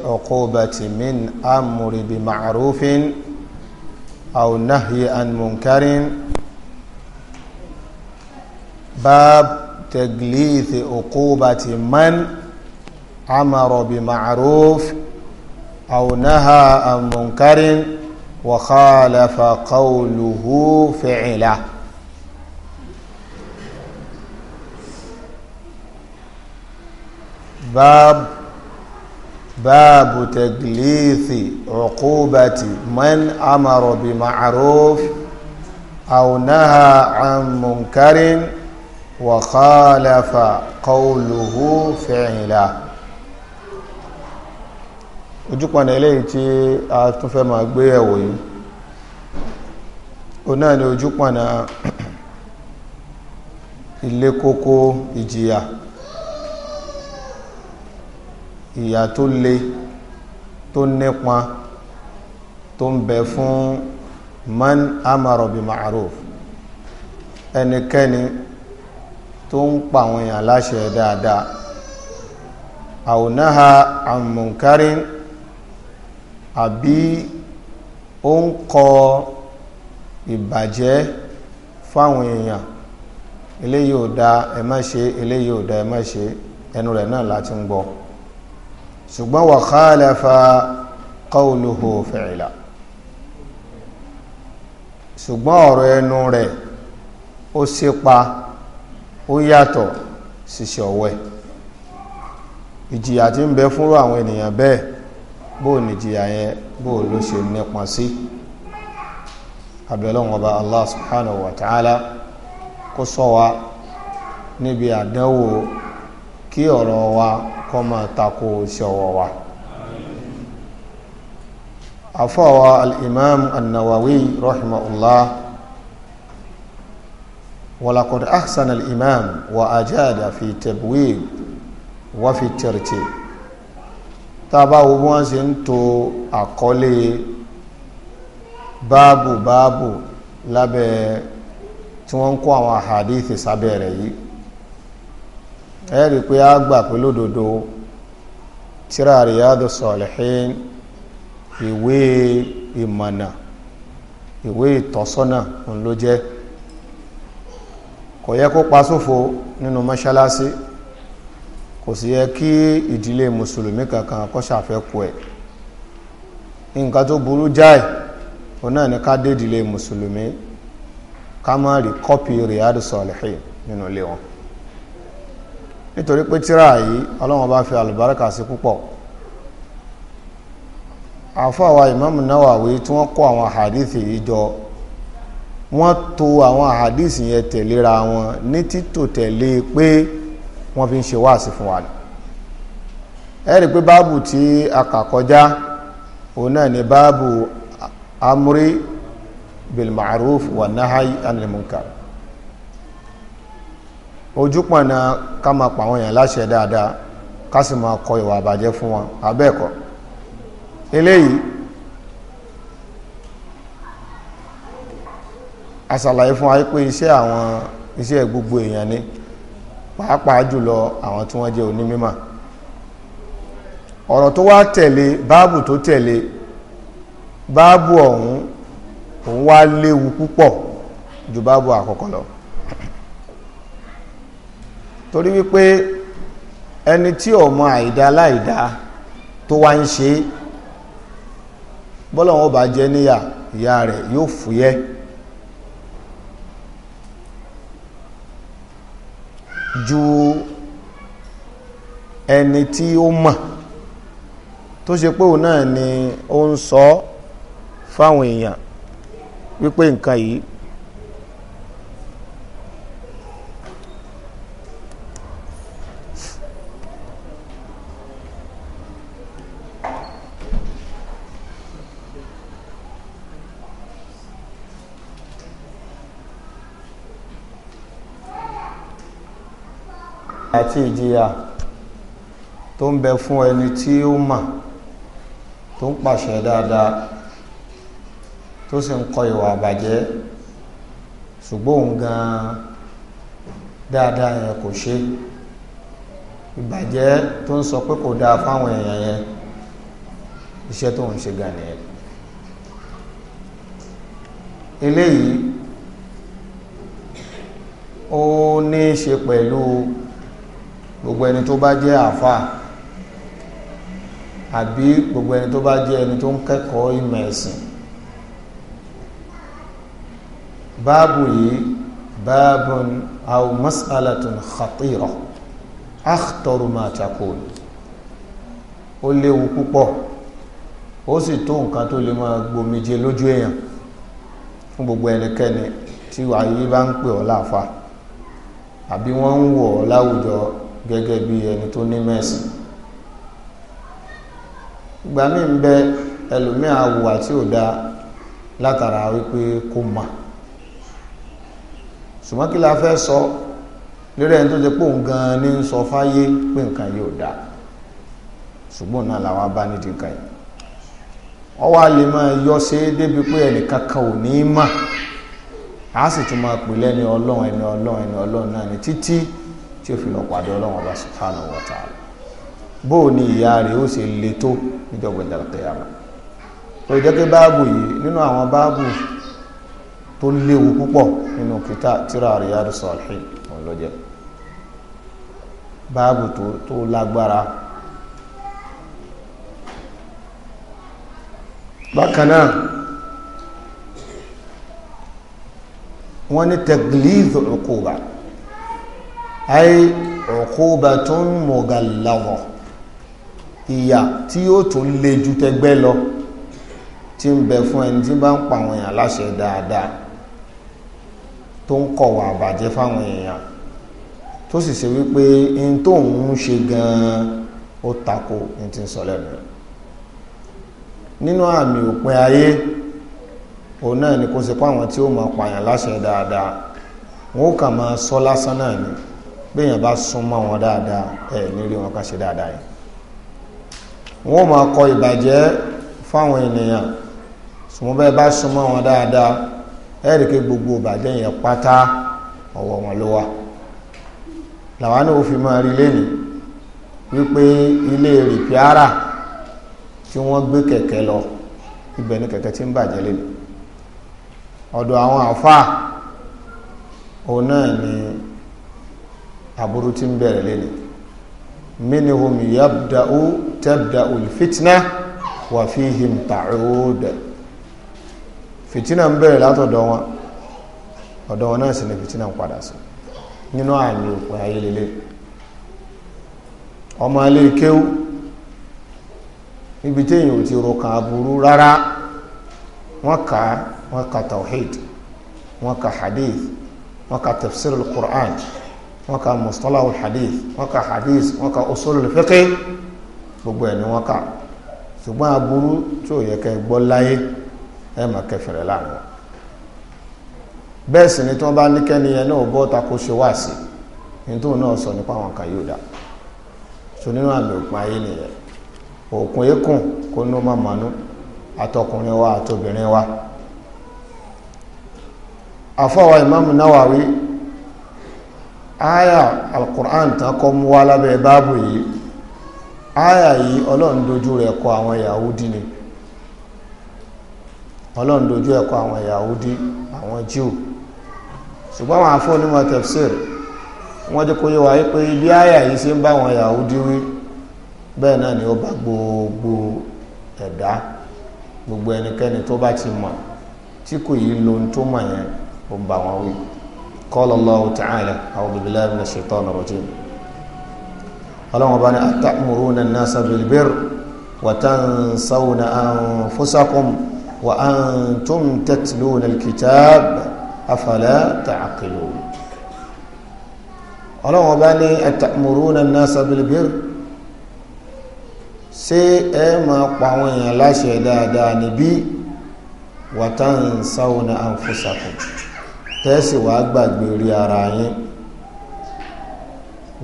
العقوبة من أمر بمعروف أو نهي عن منكر باب تجليث عقوبة من أمر بمعروف أو نهى عن منكر وخالف قوله فعله باب باب تقليث عقوبة من أمر بمعروف أو نهى عن منكر وخالف قوله فعلا ojúpọ̀nà eléyìí tí a tún fẹ́ máa gbé ẹ̀wò yìí o náà ni ojúpọ̀nà ilé kókó ìjìyà ìyà tó le tó nípa tó ń bẹ fún man amara bi ma'ruf ẹnikẹ́ni tó ń pa àwọn èèyàn láṣẹ dáadáa àwònáha àmùkárín àbí ó ń kọ ìbàjẹ́ fáwọn èèyàn eléyìí ò da ẹ má ṣe eléyìí ò da ẹ má ṣe ẹnu rẹ̀ náà láti ń gbọ́ ṣùgbọ́n wa khalafa qawluhu fi'la ṣùgbọ́n ọ̀rọ̀ ẹnu rẹ̀ ó sépa ó yàtọ̀ ṣiṣẹ́ ọ̀wẹ́ ìjìyà tí ń bẹ fúnrú àwọn ènìyàn bẹ́ẹ̀ bó ní ìjìyà yẹn bó ló ṣe nípa sí abẹ́lọ́wọ́n Allah subhanahu wa ta'ala kó ṣọ́ wa níbi àdánwò kí ọ̀rọ̀ wa kọ́ máa tako iṣẹ́ ọwọ́ wa afọ́wà al'imam annawawi rahimahullah walakod ahsan al'imam wa ajada fi tabwib wa fi tartib tàbá wo bí wọ́n ṣe ń to àkọlé báàbù báàbù lábẹ́ tí wọ́n ń kó àwọn àhàdíìsì sábẹ́ yìí ẹ rí i pé a gbà pé dodo tírà Riyadu Salihin ìwé ìmọ̀nà ìwé ìtọ́sọ́nà ló jẹ́ kò yẹ kó pa sófo nínú mọ́ṣáláṣí kò sì yẹ kí ìdílé mùsùlùmí kankan kó ẹ̀ nǹkan tó burú jáì òun náà ní ká dé ìdílé mùsùlùmí ká má rí kọ́pì Riyadu nínú nítorí pé tíra yìí ọlọ́run bá fi àlùbáríkà sí púpọ̀ àfọwà ìmáàmù Nawawi tí wọ́n kó àwọn àhàdìsì yìí jọ wọ́n tò àwọn àhàdìsì yẹn tẹ̀léra wọn ní títò tẹ̀lé pé wọ́n fi ń ṣe wáàsí fún wa ni ẹ rí pé báàbù tí a kà kọjá òun náà ni báàbù amúrí bil ma'ruf wa nahayi ojúpọ̀nà ká máa pa àwọn èèyàn láṣẹ dáadáa ká sì máa kọ ìwà àbàjẹ́ fún wọn abẹ́ẹ̀kọ́ eléyìí àṣàlàyé fún wa pé iṣẹ́ àwọn iṣẹ́ gbogbo èèyàn ni pàápàá jùlọ àwọn tí wọ́n jẹ́ onímímọ̀ ọ̀rọ̀ tó wá tẹ̀lé báàbù tó tẹ̀lé báàbù ọ̀hún òun wá léwu púpọ̀ ju báàbù àkọ́kọ́ lọ torí wípé ẹni tí ò mọ àìdá láìdá tó wá ń ṣe bọ́lá bá jẹ níyà ìyá rẹ̀ yóò fúyẹ́ ju ẹni tí ó mọ̀ tó ṣe pé òun náà ni ó ń sọ fáwọn èèyàn wípé nǹkan yìí àti ìjìyà tó ń bẹ fún ẹni tí ó mà tó ń pàṣẹ dáadáa tó sì ń kọ ìwà àbàjẹ́ ṣùgbọ́n òun gan-an dáadáa yẹn kò ṣe ìbàjẹ́ tó ń sọ pé kò dáa fáwọn èèyàn yẹn iṣẹ́ tó ń ṣe gan nìyẹn eléyìí ó ní í ṣe pẹ̀lú gbogbo ẹni tó bá jẹ́ àfa àbí gbogbo ẹni tó bá jẹ́ ẹni tó ń kẹ́kọ̀ọ́ ìmọ̀ ẹ̀sìn báàbù yìí báàbù aw mas'alatun khatira akhtaru ma takun ó léwu púpọ̀ ó sì tó nǹkan tó lè máa gbòmìje lójú èèyàn fún gbogbo ẹnikẹ́ni tí wàá bá ń pè ọ́ láàfa àbí wọ́n ń wọ̀ ọ́ láwùjọ gẹ́gẹ́ bí ẹni tó ní mẹ́sì ìgbà míì ń bẹ ẹlòmíì àwùwà tí ò dáa látara wípé kò mà ṣùgbọ́n kí la fẹ́ sọ lórí ẹni tó jẹ pé òun gan-an ní ń sọ fáyé pé nǹkan yìí ò dáa ṣùgbọ́n náà làwọn bá yọ ṣe débi pé ò ní mà á sì tún máa pè lẹ́ni ọlọ́run ẹni ọlọ́run ẹni tí ó fi lọ pàdé ọlọ́run ọba subhanahu wa ta'ala bó o ní ìyá rẹ̀ ó ṣe le tó níjọba ìdàgbéyàwó ó jẹ́ pé báàbù yìí nínú àwọn báàbù tó léwu púpọ̀ nínú kìtà tíra Riyadus Salihin òun ló jẹ́ báàbù tó lágbára bákan náà wọ́n ní tẹ̀glíìzù uquba ayé uqubatun mugallagha ìyà tí yóò tún le ju tẹgbẹ́ lọ tí ń bẹ fún ẹni tí bá ń pa àwọn èèyàn láṣẹ dáadáa tó ń kọ̀wà àbàjẹ́ fáwọn èèyàn tó sì ṣe wípé n tó ń ṣe gan ó tako n ti ń sọ lẹ́nu nínú àmì òpin ayé òun náà ni kò sí pé àwọn tí ó máa pààyàn láṣẹ dáadáa wọn ó kà máa sọ lásán náà ni. bẹ́yàn bá súnmọ́ wọn dáadáa ẹ̀ nílé wọn ká ṣe dáadáa yìí wọ́n máa kọ ìbàjẹ́ fáwọn ènìyàn sùnmọ́ bẹ́ẹ̀ bá súnmọ́ wọn dáadáa ẹ̀ rí gbogbo ìbàjẹ́ yẹn pátá ọwọ́ wọn ló wà làwọn náà fi máa rí wípé ilé rìpíárà tí wọ́n gbé kẹ̀kẹ́ lọ ibẹ̀ ni kẹ̀kẹ́ ń bàjẹ́ ọ̀dọ̀ àwọn àfáà òun náà ni aburú ti ń bẹ̀rẹ̀ lẹ́nu minihum yabda'u tabda'u fitna wà fihim ta'ud fitina ń bẹ̀rẹ̀ látọ̀dọ̀ wọn ọ̀dọ̀ wọn náà sì ni fitina ń padà sí nínú àmì òpin ayé lélẹ̀ ọmọ ilé kéwú níbi téèyàn ò ti rokan aburú rárá wọ́n kà wọ́n kà tawhid wọ́n kà hadith wọ́n kà tafsir al-Qur'an wọ́n ka mustalahul hadith wọn ka hadith wọn ka usulul fiqh gbogbo ẹ̀ wọn ka kà aburú tí ò yẹ kẹ́ gbọ́ láyé ẹ mà kẹfìrẹ̀ láàrin bẹ́ẹ̀ sì ni tí bá ní ta kó ṣe wá sí nítorí náà sọ nípa wọn kan yóò dá so nínú àmì òpin ayé nìyẹn òkun eékùn kó ní àtọkùnrin wa àtobìnrin wa aya alkur'an tán kọ́ mú wá lábẹ́ báàbù yìí aya yìí ọlọ́run dojú rẹ̀ kọ àwọn yahudi ni ọlọ́run dojú ẹ̀ kọ àwọn yahudi àwọn jew ṣùgbọ́n àwọn afọ́ onímọ̀ wọ́n jẹ́ kó yé wa pé bí aya yìí ṣe ń bá àwọn yahudi wí bẹ́ẹ̀ náà ni ó bá gbogbo ẹ̀dá gbogbo ẹnikẹ́ni tó bá ti mọ̀ tí kò yí lo tó mọ̀ yẹn ó bá wọn wí. قال الله تعالى أعوذ بالله من الشيطان الرجيم اللهم بنا أتأمرون الناس بالبر وتنسون أنفسكم وأنتم تتلون الكتاب أفلا تعقلون اللهم بنا أتأمرون الناس بالبر سي ما قوين لا شيء دا دا نبي وتنسون أنفسكم tẹ́sí wàá gbàgbé rí ara yín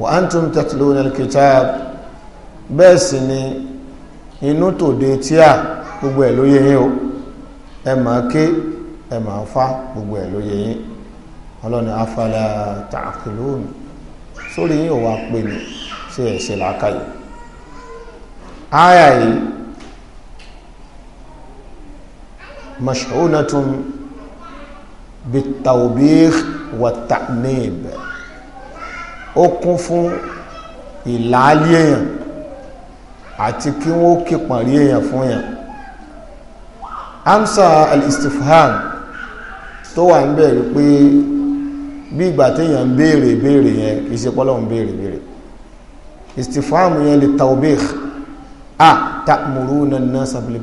wa antum tatluna al-kitab bẹ́ẹ̀ sì ni inú tòde tíà gbogbo ẹ̀ ló yé yín o ẹ máa ké ẹ máa fá gbogbo ẹ̀ ló yé yín ọlọ́ni afala ta'qilun sórí yín ò wá pè ní sí ẹ̀ṣẹ̀ làákàyè áyà yìí mash'unatun bitawbih wa ta'nib ó kún fún ìlàálí èèyàn àti kí wọ́n kí pàrí èèyàn fún èèyàn amsa al-istifham tó wà ń bẹ̀rẹ̀ pé bí ìgbà téèyàn ń béèrè béèrè yẹn kì í ṣe pọ́lọ́ ń béèrè béèrè istifham yẹn li tawbih a ta'muruna an-nasa bil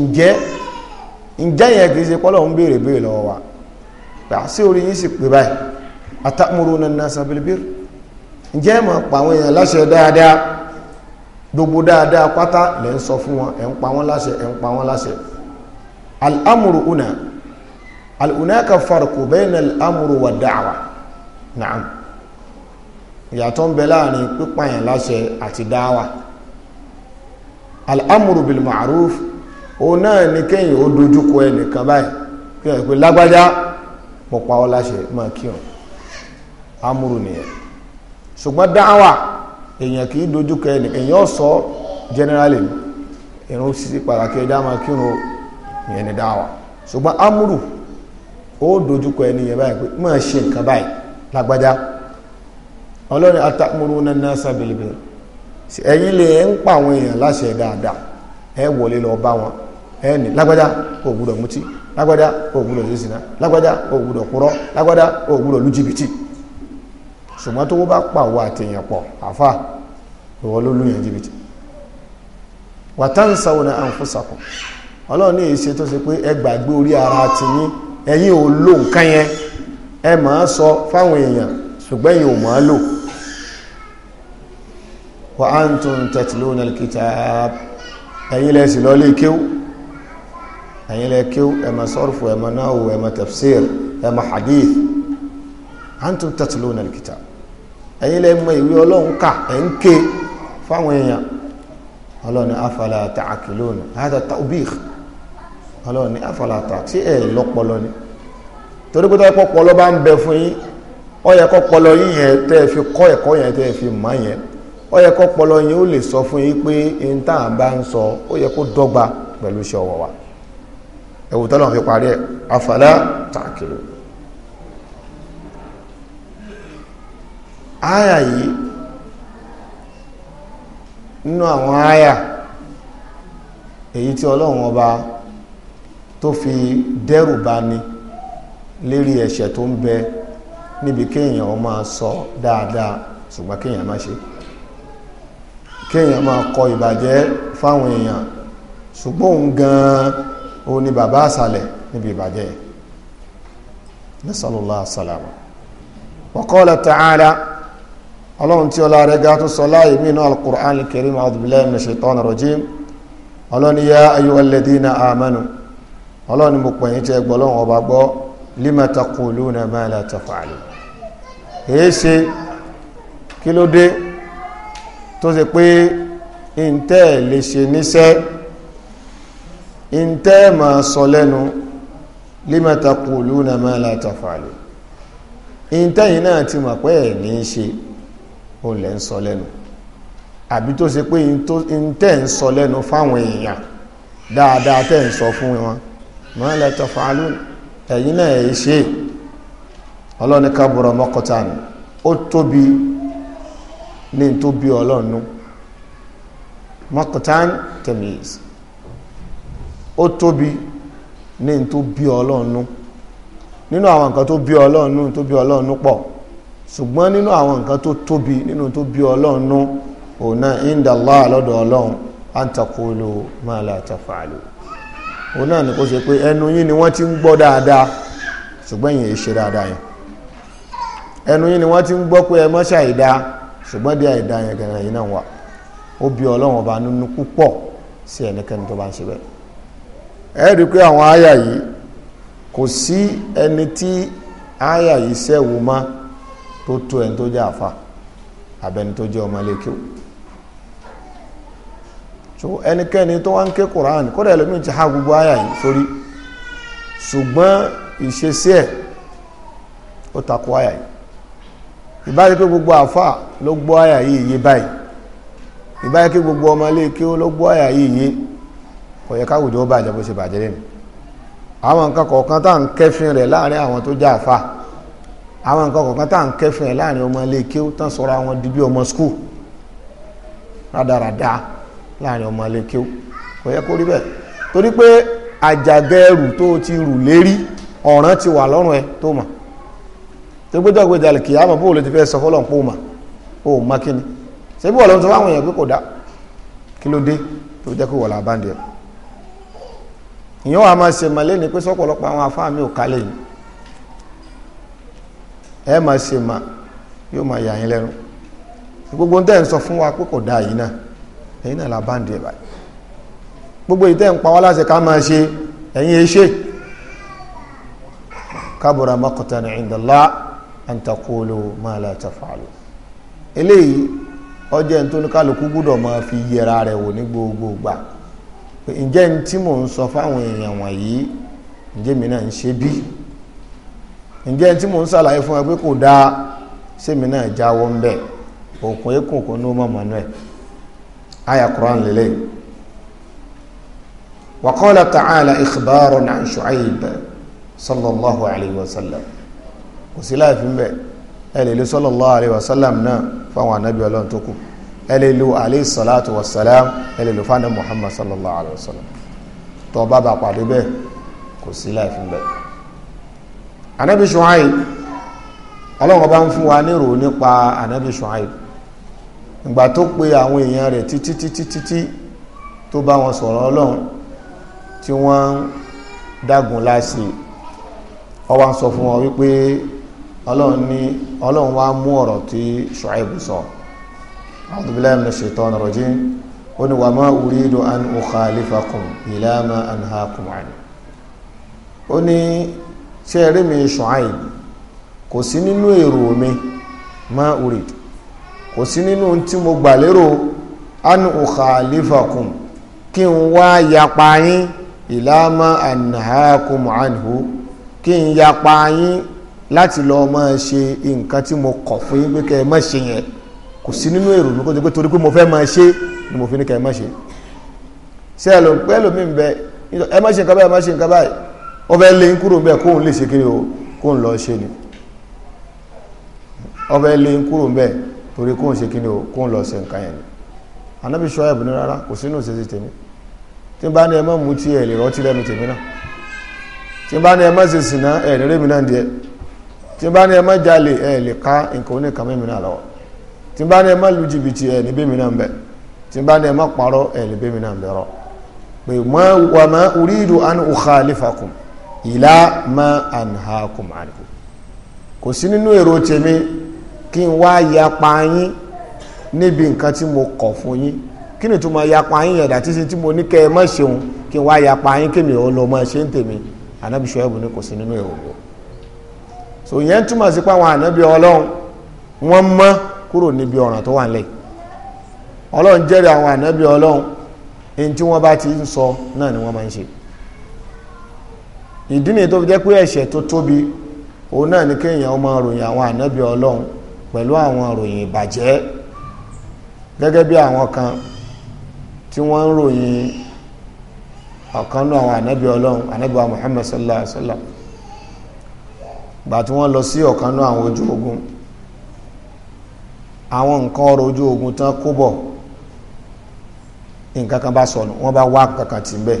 ǹjẹ́ ǹjẹ́ yẹn kì í ṣe pọ́lọ̀ ń béèrè béèrè lọ́wọ́ wa pé àṣé orí yín sì pé báyìí atamuruna an-nasa bil-birr ǹjẹ́ ẹ̀ mọ̀ pa àwọn èèyàn láṣẹ dáadáa gbogbo dáadáa pátá lẹ́ ń sọ fún wọn ẹ̀ ń pa wọ́n láṣẹ ẹ̀ ń pa wọ́n láṣẹ al-amru òun náà ni kéyìn ó dojúkọ ẹnìkan báyìí kí wọn pè lágbájá mo pa ọ láṣẹ máa kí amúrù nìyẹn ṣùgbọ́n dáwà èèyàn kì í dojúkọ ẹnìkan èèyàn sọ generally irun sí pàtàkì ẹja máa kírun ìyẹn ni dáwà ṣùgbọ́n amúrù ó dojúkọ ẹnìyẹn báyìí pé máa ṣe nǹkan báyìí lágbájá ọlọ́run atamuruna nasa bil bir ẹ̀yin lè ń pa àwọn èèyàn láṣẹ dáadáa ẹ wọlé lọ bá wọn ẹni lágbájá kò gbúdọ̀ mutí lágbájá kò gbúdọ̀ zizina lágbájá kò gbúdọ̀ kúrọ́ lágbájá kò gbúdọ̀ lu jìbìtì ṣùgbọ́n tó bá pàwọ́ àtẹ̀yàn pọ̀ àfà ìwọ ló lu yẹn jìbìtì wàtánsàwọn àǹfọ̀sàkùn ọlọ́run ní ìṣe tó ṣe pé ẹ gbàgbé orí ara tiyín ẹ̀yin ò lo nǹkan yẹn ẹ máa sọ fáwọn èèyàn ṣùgbọ́n ẹ̀yin ò máa lò wa antum lẹ́sìn ẹ̀yin lẹ kíw ẹ ma sọ́rùfù ẹ ma náwó ẹ ma tafsir ẹ ma hadith antum tatluna al-kitab ẹ̀yin lẹ mọ ìwé ọlọ́run kà ẹ̀ ń ké fáwọn èèyàn ọlọ́run afala ta'qilun hada tawbih ọlọ́run afala ta'qilun sí ẹ̀ lọ́pọlọ ni torí pé tọ́pọ̀ pọlọ bá ń bẹ fún yín ó yẹ kọ́ pọlọ yín yẹn tẹ́ fi kọ́ ẹ̀kọ́ yẹn tẹ́ ẹ fi mọ̀ yẹn ó yẹ kọ́ yín ó lè sọ fún yín pé n bá ń sọ ó yẹ kó dọ́gba pẹ̀lú iṣẹ́ wa ẹ̀wù tọ́lọ̀ fi parí ẹ̀ afala tààkìlù áyà yìí nínú àwọn áyà èyí tí ọlọ́run ọba tó fi dẹ́rù bá ní lérí ẹ̀ṣẹ̀ tó ń bẹ níbi kéèyàn ó máa sọ dáadáa ṣùgbọ́n kéèyàn má ṣe kéèyàn máa kọ ìbàjẹ́ fáwọn èèyàn ṣùgbọ́n òun gan-an ó ní bàbá àsàlẹ̀ níbi ìbàjẹ́ yẹn nasalala salama wakọọla taala ọlọ́run tí ọlá rẹ̀ gàtú sọlá yìí mìíràn alukur'an kiri maadubulayi nashitan rojim ọlọ́run ya ayiwa ladina amanu ọlọ́run mo pè yín tí ẹ gbọ́lọ́run ọba gbọ́ lima taquluna ma la taf'alu èyí ṣe kí ló dé tó ṣe pé ntẹ́ lè ṣe níṣẹ́. ń tẹ́ máa sọ lẹ́nu lima taquluna ma la taf'alun ń tẹ́yìn náà ti mọ̀ pé ẹ̀ ní í ṣe lẹ́ ń sọ lẹ́nu àbí tó ṣe pé ń tẹ́ ń sọ lẹ́nu fáwọn èèyàn dáadáa tẹ́ ń fún wọn ẹ̀yìn náà ẹ̀ ṣe ọlọ́ni ó tóbi ní ó tóbi ní n tó bí ọlọ́ọ̀nù nínú àwọn nǹkan tó bí ọlọ́ọ̀nù tó bí ọlọ́ọ̀nù pọ̀ ṣùgbọ́n nínú àwọn nǹkan tó tóbi nínú tó bí ọlọ́ọ̀nù òun náà inda Allah lọ́dọ̀ ọlọ́run an taqulu ma la taf'alu òun náà ni kó ṣe pé ẹnu yín ni wọ́n ti ń gbọ́ dáadáa ṣùgbọ́n yìí ṣe dáadáa ẹnu yín ni wọ́n ti ń gbọ́ pé ẹ mọ́ ṣàìdá ṣùgbọ́n díẹ̀ àìdá yẹn yìí náà wà ó bí ọlọ́run ọba nínú púpọ̀ sí ẹnikẹ́ni tó ẹ rí i pé àwọn àyà yìí kò sí ẹni tí àyà yìí sẹ́wù mọ́ tó tó ẹni tó jẹ́ àfa abẹni tó jẹ́ ọmọlékè so ẹnikẹ́ni tó wá ń ké Quran kódà ẹlòmíì ti há gbogbo àyà yìí sórí ṣùgbọ́n ìṣesí ẹ̀ ó takò àyà yìí ìbáyé pé gbogbo àfa ló gbọ́ àyà yìí yé báyìí ìbáyé pé gbogbo ọmọlékè ló gbọ́ àyà yìí yé báyìí kò yẹ káwùjọ ó bàjẹ́ bó ṣe bàjẹ́ lẹ́nu àwọn nǹkan kọ̀ọ̀kan tá à ń kẹ́fìn rẹ̀ láàrin àwọn tó jẹ́ àfa àwọn nǹkan kọ̀ọ̀kan tá à ń kẹ́fìn rẹ̀ láàrin ọmọ ilé kéwú tán sọ̀rọ̀ àwọn ọmọ skul láàrin ọmọ ilé kò yẹ kó rí bẹ́ẹ̀ torí pé àjàgẹ́rù tó ti rù lérí ọ̀ràn ti wà lọ́rùn ẹ tó mọ̀ tó gbẹ́jọ́ gbé jalè ti fẹ́ sọ pò mà ó kíni ṣé ìyẹn wàá máa ṣe màlẹ́ ni pé sọ́pọ̀lọpọ̀ àwọn afá mi ò kálẹ̀ yìí ẹ máa ṣe mà yóò máa yà yín lẹ́nu gbogbo ń tẹ́ ń sọ fún wa pé kò dáa yìí náà ẹ̀yin náà la bá ń di ẹ̀ báyìí gbogbo ìtẹ́ ń pa wá láti ká máa ṣe ẹ̀yin iṣẹ́ kabura maqtan inda Allah an taqulu ma la taf'alu eléyìí ọjọ́ ìtóníkàlùkù gbúdọ̀ máa fi yẹra rẹ̀ wò ní gbogbo gbà pé ǹjẹ́ ní tí mò ń sọ fáwọn èèyàn wọ̀nyí ǹjẹ́ mi náà ń ṣe bí ǹjẹ́ ní tí mò ń ṣàlàyé fún ẹ pé kò dáa sẹ́mi náà jáwọ́ ń bẹ̀ òkun ekun kò ní ọmọ manuel aya Qur'an lélẹ̀ wa qala ta'ala ikhbarun an Shu'aib sallallahu alayhi wa sallam kò sí láàfin bẹ́ẹ̀ ẹ lè lè sallallahu alayhi wa sallam náà fáwọn anábì ọlọ́run tó kù ẹ lè lo alayhi salatu wa salam ẹ lè lo fana muhammad sallallahu alayhi wa sallam tó bá bá pàdé bẹ́ẹ̀ kò sí láì fún bẹ́ẹ̀. anabi shuaib ọlọ́run bá ń fún wa nírò nípa anabi shuaib ìgbà tó pe àwọn èèyàn rẹ̀ títí títí títí tó bá wọn sọ̀rọ̀ ọlọ́run tí wọ́n dágun láṣì ọwọ́ ń sọ fún wọn wípé ọlọ́run ní mú ọ̀rọ̀ tí shuaib sọ. So أعوذ بالله من الشيطان الرجيم قل وما أريد أن أخالفكم إلى ما أنهاكم عنه ó ní ṣe rí mi ما kò sí nínú èrò mi ma urid kò sí nínú tí mo gbà lérò an ukhalifakum kí n wá yapa yín ila ma anhakum kí n yapa yín láti lọ máa ṣe nǹkan tí mo kọ̀ fún yín pé kẹ́ ẹ má ṣe yẹn kò sí nínú èrò mi kó jẹ́ pé torí pé mo fẹ́ máa ṣe ni mo fi ní ká ẹ má ṣe ṣe ẹ lọ pé ẹlòmíì ń bẹ ẹ má ṣe nǹkan báyìí ẹ má ṣe nǹkan báyìí wọ́n fẹ́ lé kúrò ń bẹ kóun lè ṣe kiri o kóun lọ ṣe ni wọ́n fẹ́ lé kúrò ń bẹ torí kóun ṣe kiri o kóun lọ ṣe nǹkan yẹn ni Ànábì Ṣuaibu ní rárá kò sínú ṣe ti tèmi tí n bá ní ẹ má mú tí lè rọtí lẹ́nu tèmi náà tí n bá ní ẹ má ṣe sìnà ẹ lè rémi náà tí n bá ní ẹ má jalè ẹ nǹkan oníkan náà lọ́wọ́ tí bá ní ẹ má lu jìbìtì ẹ̀ ní bẹ́mi náà ń bẹ̀ tí bá ní ẹ má parọ́ ẹ̀ ní bẹ́mi náà ń bẹ̀ rọ pé wà má uridu an ukhalifakum ìlà má anhaakum anhu kò sí nínú èrò tèmi kí n wá yapa yín níbi nǹkan tí mo kọ̀ fún yín kí ni tó máa yapa yín yẹ̀dá títí tí mo ní kẹ́ ẹ má ṣeun kí n wá yapa yín kémi ò lọ máa ṣe ń tèmi ànábì yẹn túmọ̀ sí kúrò níbi ọ̀ràn tó wà nílẹ̀ ọlọ́run jẹ́rìí àwọn ànábì ọlọ́run ẹni tí wọ́n bá ti ń sọ náà ni wọ́n máa ń ṣe ìdí nìyí tó fi jẹ́ pé ẹ̀ṣẹ̀ tó tóbi òun náà ni kéèyàn máa ròyìn àwọn ànábì ọlọ́run pẹ̀lú àwọn ròyìn ìbàjẹ́ gẹ́gẹ́ bí àwọn kan tí wọ́n ń ròyìn ọ̀kan náà àwọn ànábì ọlọ́run ànábì wa Muhammad sallallahu alaihi wa sallam gbà tí wọ́n lọ sí ọ̀kan náà àwọn ojú ogun àwọn nǹkan ọrọ̀ ojú ogun tán kó bọ̀ nǹkan kan bá sọnù wọ́n bá wá kankan tì ń bẹ̀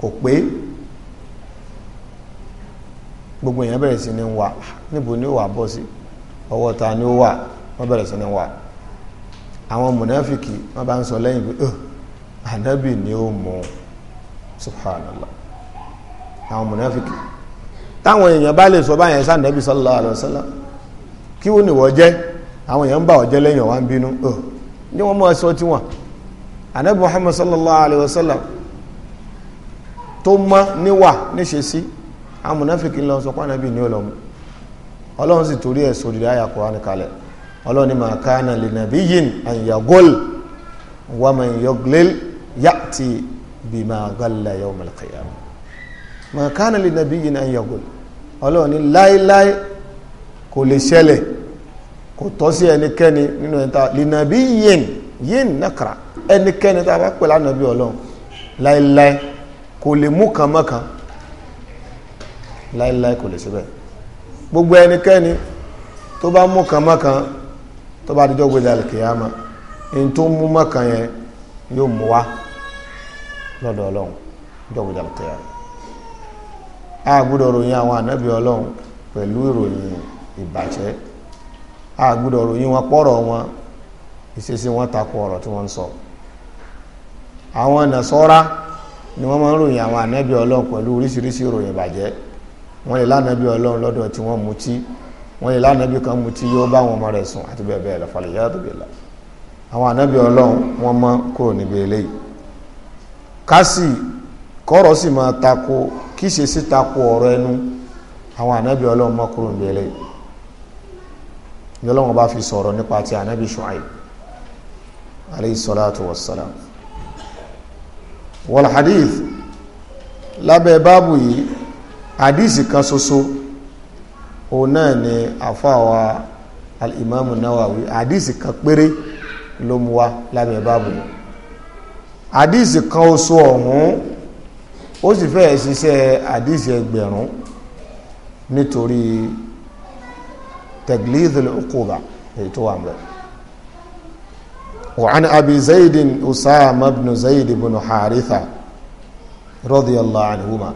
kò pé gbogbo èèyàn bẹ̀rẹ̀ sí ni wà níbo ni ó wà bọ́ sí ọwọ́ ta ni ó wà wọ́n bẹ̀rẹ̀ sí ni wà àwọn mùnáfìkì wọ́n bá ń sọ lẹ́yìn pé ànábì ni ó mú subhanallah àwọn mùnáfìkì táwọn èèyàn bá lè sọ báyẹn sáà ànábì sallallahu alaihi wasallam kí wọ́n ni wọ́n jẹ́ àwọn èèyàn ń bà ọ̀jẹ́ lẹ́yìn ọ̀wá ń bínú ọ ní wọ́n máa sọ tiwọn anabi muhammad sallallahu alayhi wa sallam tó mọ́ níwà níṣe sí amúnáfíkì lọ sọ pánàbí ní ọlọ́mù ọlọ́run sì torí ẹ̀ sórí àyà Kùránì kalẹ̀ ọlọ́run ni ma kana li nabiyyin an yaghul wa man yaghlil ya'ti bima ghalla yawm al-qiyamah ma kana li nabiyyin an yaghul ọlọ́run ni láíláí kò lè ṣẹlẹ̀ kò tọ́ sí ẹnikẹ́ni nínú ẹ̀ta lìnàbí yìn yìn nàkàrà ẹnikẹ́ni tá a bá pè lánàbí ọlọ́run láíláí kò lè mú kan mọ́kan láíláí kò lè síbẹ̀ gbogbo ẹnikẹ́ni tó bá mú kan mọ́kan tó bá dijọ́ gbé dalẹ̀ kìyàmá ẹni tó mú mọ́kan yẹn yóò mú wá lọ́dọ̀ ọlọ́run dijọ́ gbé dalẹ̀ kìyàmá a gbọ́dọ̀ ròyìn àwọn ànábì ọlọ́run pẹ̀lú ìròyìn ìbàjẹ́ àgbọ́dọ̀ ròyìn wọn pọ̀rọ̀ wọn ìṣesí wọn takò ọ̀rọ̀ tí wọ́n ń sọ àwọn nàṣọ́ra ni wọ́n máa ń ròyìn àwọn ànábì ọlọ́run pẹ̀lú oríṣiríṣi ìròyìn ìbàjẹ́ wọ́n lè lánàbí ọlọ́run lọ́dọ̀ tí wọ́n mutí wọ́n lè lánàbí kan mutí yóò bá wọn ọmọ rẹ̀ sùn àti bẹ́ẹ̀ bẹ́ẹ̀ lọ falẹ̀ yára tó bẹ̀rẹ̀ àwọn ànábì ọlọ́run wọ́n mọ́ kúrò níbi eléyìí kásì kọ́rọ̀ sì máa tako kíṣe sí tako ọ̀rọ̀ ẹnu àwọn ànábì ọlọ́run mọ́ kúrò níbi eléyìí yọlọ́wọ́n bá fi sọ̀rọ̀ nípa ti anabi shu'aib alayhi salatu wa salam wal hadith lábẹ́ báàbù yìí hadisi kan ṣoṣo òun náà ni àfáwa al-imamu nawawi hadisi kan péré ló mú wa lábẹ́ báàbù yìí hadisi kan oṣù ọ̀hún ó sì fẹ́ẹ̀ ṣiṣẹ́ hadisi ẹgbẹ̀rún nítorí taglidul uquba èyí tó wà ń bẹ. وعن أبي زيد أسامة بن زيد بن حارثة رضي الله عنهما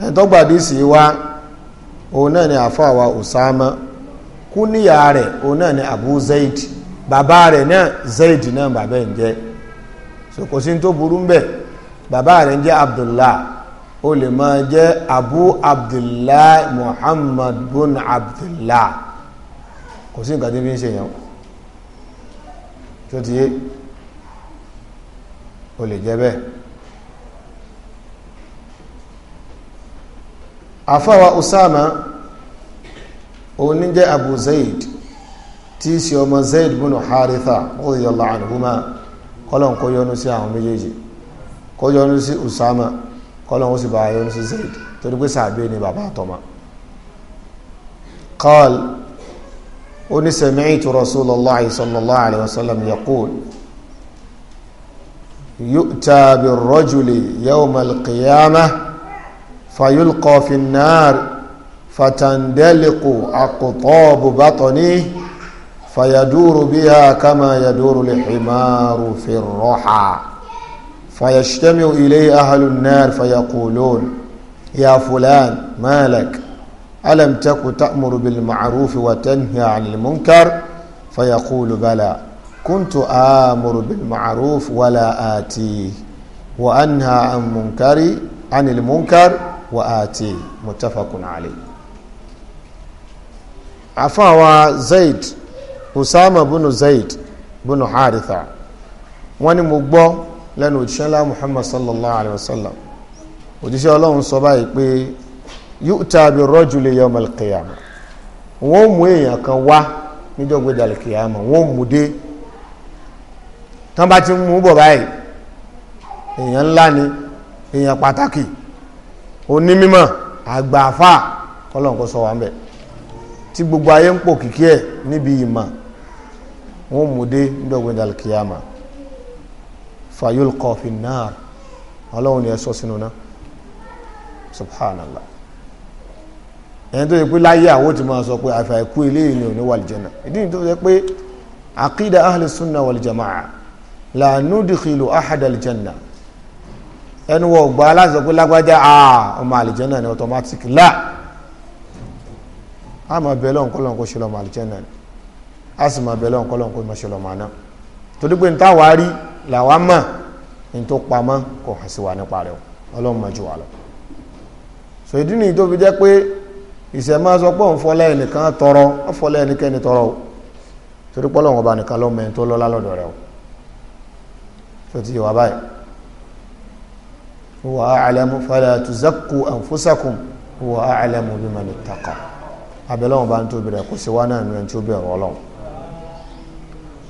dọ́gba díìsì wa òun náà ni àfọwà Usama kúníyà rẹ̀ òun náà ni Abu Zaid bàbá rẹ̀ náà Zaid náà bàbá ẹ̀ ń jẹ́ so kò sí ní tó burú ń bẹ̀ bàbá rẹ̀ ń jẹ́ Abdullah ó lè máa jẹ́ abu abdullahi muhammad bin abdullah kò sí nǹkan tí fi ń ṣe yẹn tó ti yé ó lè jẹ́ bẹ́ẹ̀ afáwa usama òun ní jẹ́ abu zaid tí í ṣe ọmọ zaid bin haritha radiyallahu anhuma kọ́lọ̀ ń kó yọnu sí àwọn méjèèjì kó yọnu sí usama kọ́lọ́n ó sì bá yọ sí zayd torí pé sàbí ni bàbá àtọ́mà qal ó ní sami'tu rasulullahi sallallahu alayhi wa sallam yaqul yu'ta birrajuli yawmal qiyamah fayulqa fin nar fatandaliqu aqtabu batnihi fayaduru biha kama fi ar فيجتمع إليه أهل النار فيقولون يا فلان ما لك ألم تك تأمر بالمعروف وتنهي عن المنكر فيقول بلى كنت آمر بالمعروف ولا آتيه وأنهى عن منكري عن المنكر وآتيه متفق عليه عفاوى زيد أسامة بن زيد بن حارثة وني مقبو lẹ́nu òjíṣẹ́ ńlá Muhammad sallallahu alayhi wa sallam òjíṣẹ́ ọlọ́run sọ báyìí pé yu'ta bi rajuli yawmal qiyamah wọ́n mú èèyàn kan wá níjọ́ gbé dàlẹ̀ kìyàmà wọ́n mú dé tán bá ti mú bọ̀ báyìí èèyàn ńlá ni èèyàn pàtàkì onímímọ̀ àgbààfà kọ́lọ̀ kó sọ wà ń bẹ̀ tí gbogbo ayé ń pò kìkì ẹ̀ níbi ìmọ̀ wọ́n mú dé níjọ́ gbé fayulqa fi nnar ọlọ́run ni ẹ sọ sínú náà subhanallah ẹni tó yẹ pé láyé àwọn ti máa sọ pé àfàìkú eléyìí ni ò ní wàlìjẹ́nà ìdí tó yẹ pé àkídà ahli sunna wàlìjàmáà la nudkhilu ahada aljanna ẹnu wọ ọgbà aláṣọ pé lágbájá ọmọ àlìjẹ́nà ni automatic la a máa bẹ lọ́n kọ́ lọ́n kó ṣe lọ́mọ àlìjẹ́nà ni a sì máa bẹ lọ́n kọ́ lọ́n kó ṣe lọ́mọ àná torí pé ní táwa rí làwa mọ̀ ní tó pamọ́ kò hàn sí wa nípa rẹ̀ ọlọ́run mọ̀ jù wá lọ. sọ ìdí nìyí tó fi jẹ́ pé ìṣẹ̀ máa sọ pé òun fọlẹ́ ẹnìkan tọrọ ó fọlẹ́ ẹnikẹ́ni tọrọ o torí pé Ọlọ́run ọba nìkan lọ́mọ ẹni tó lọ́lá lọ́dọ̀ rẹ̀ o tó ti yẹ wá báyìí huwa a'lamu fala tuzakku anfusakum huwa a'lamu biman ittaqa abẹ́lẹ́ wọn bá ń tóbi rẹ̀ kò sí wá náà nínú ẹni tí ó bẹ̀rù Ọlọ́run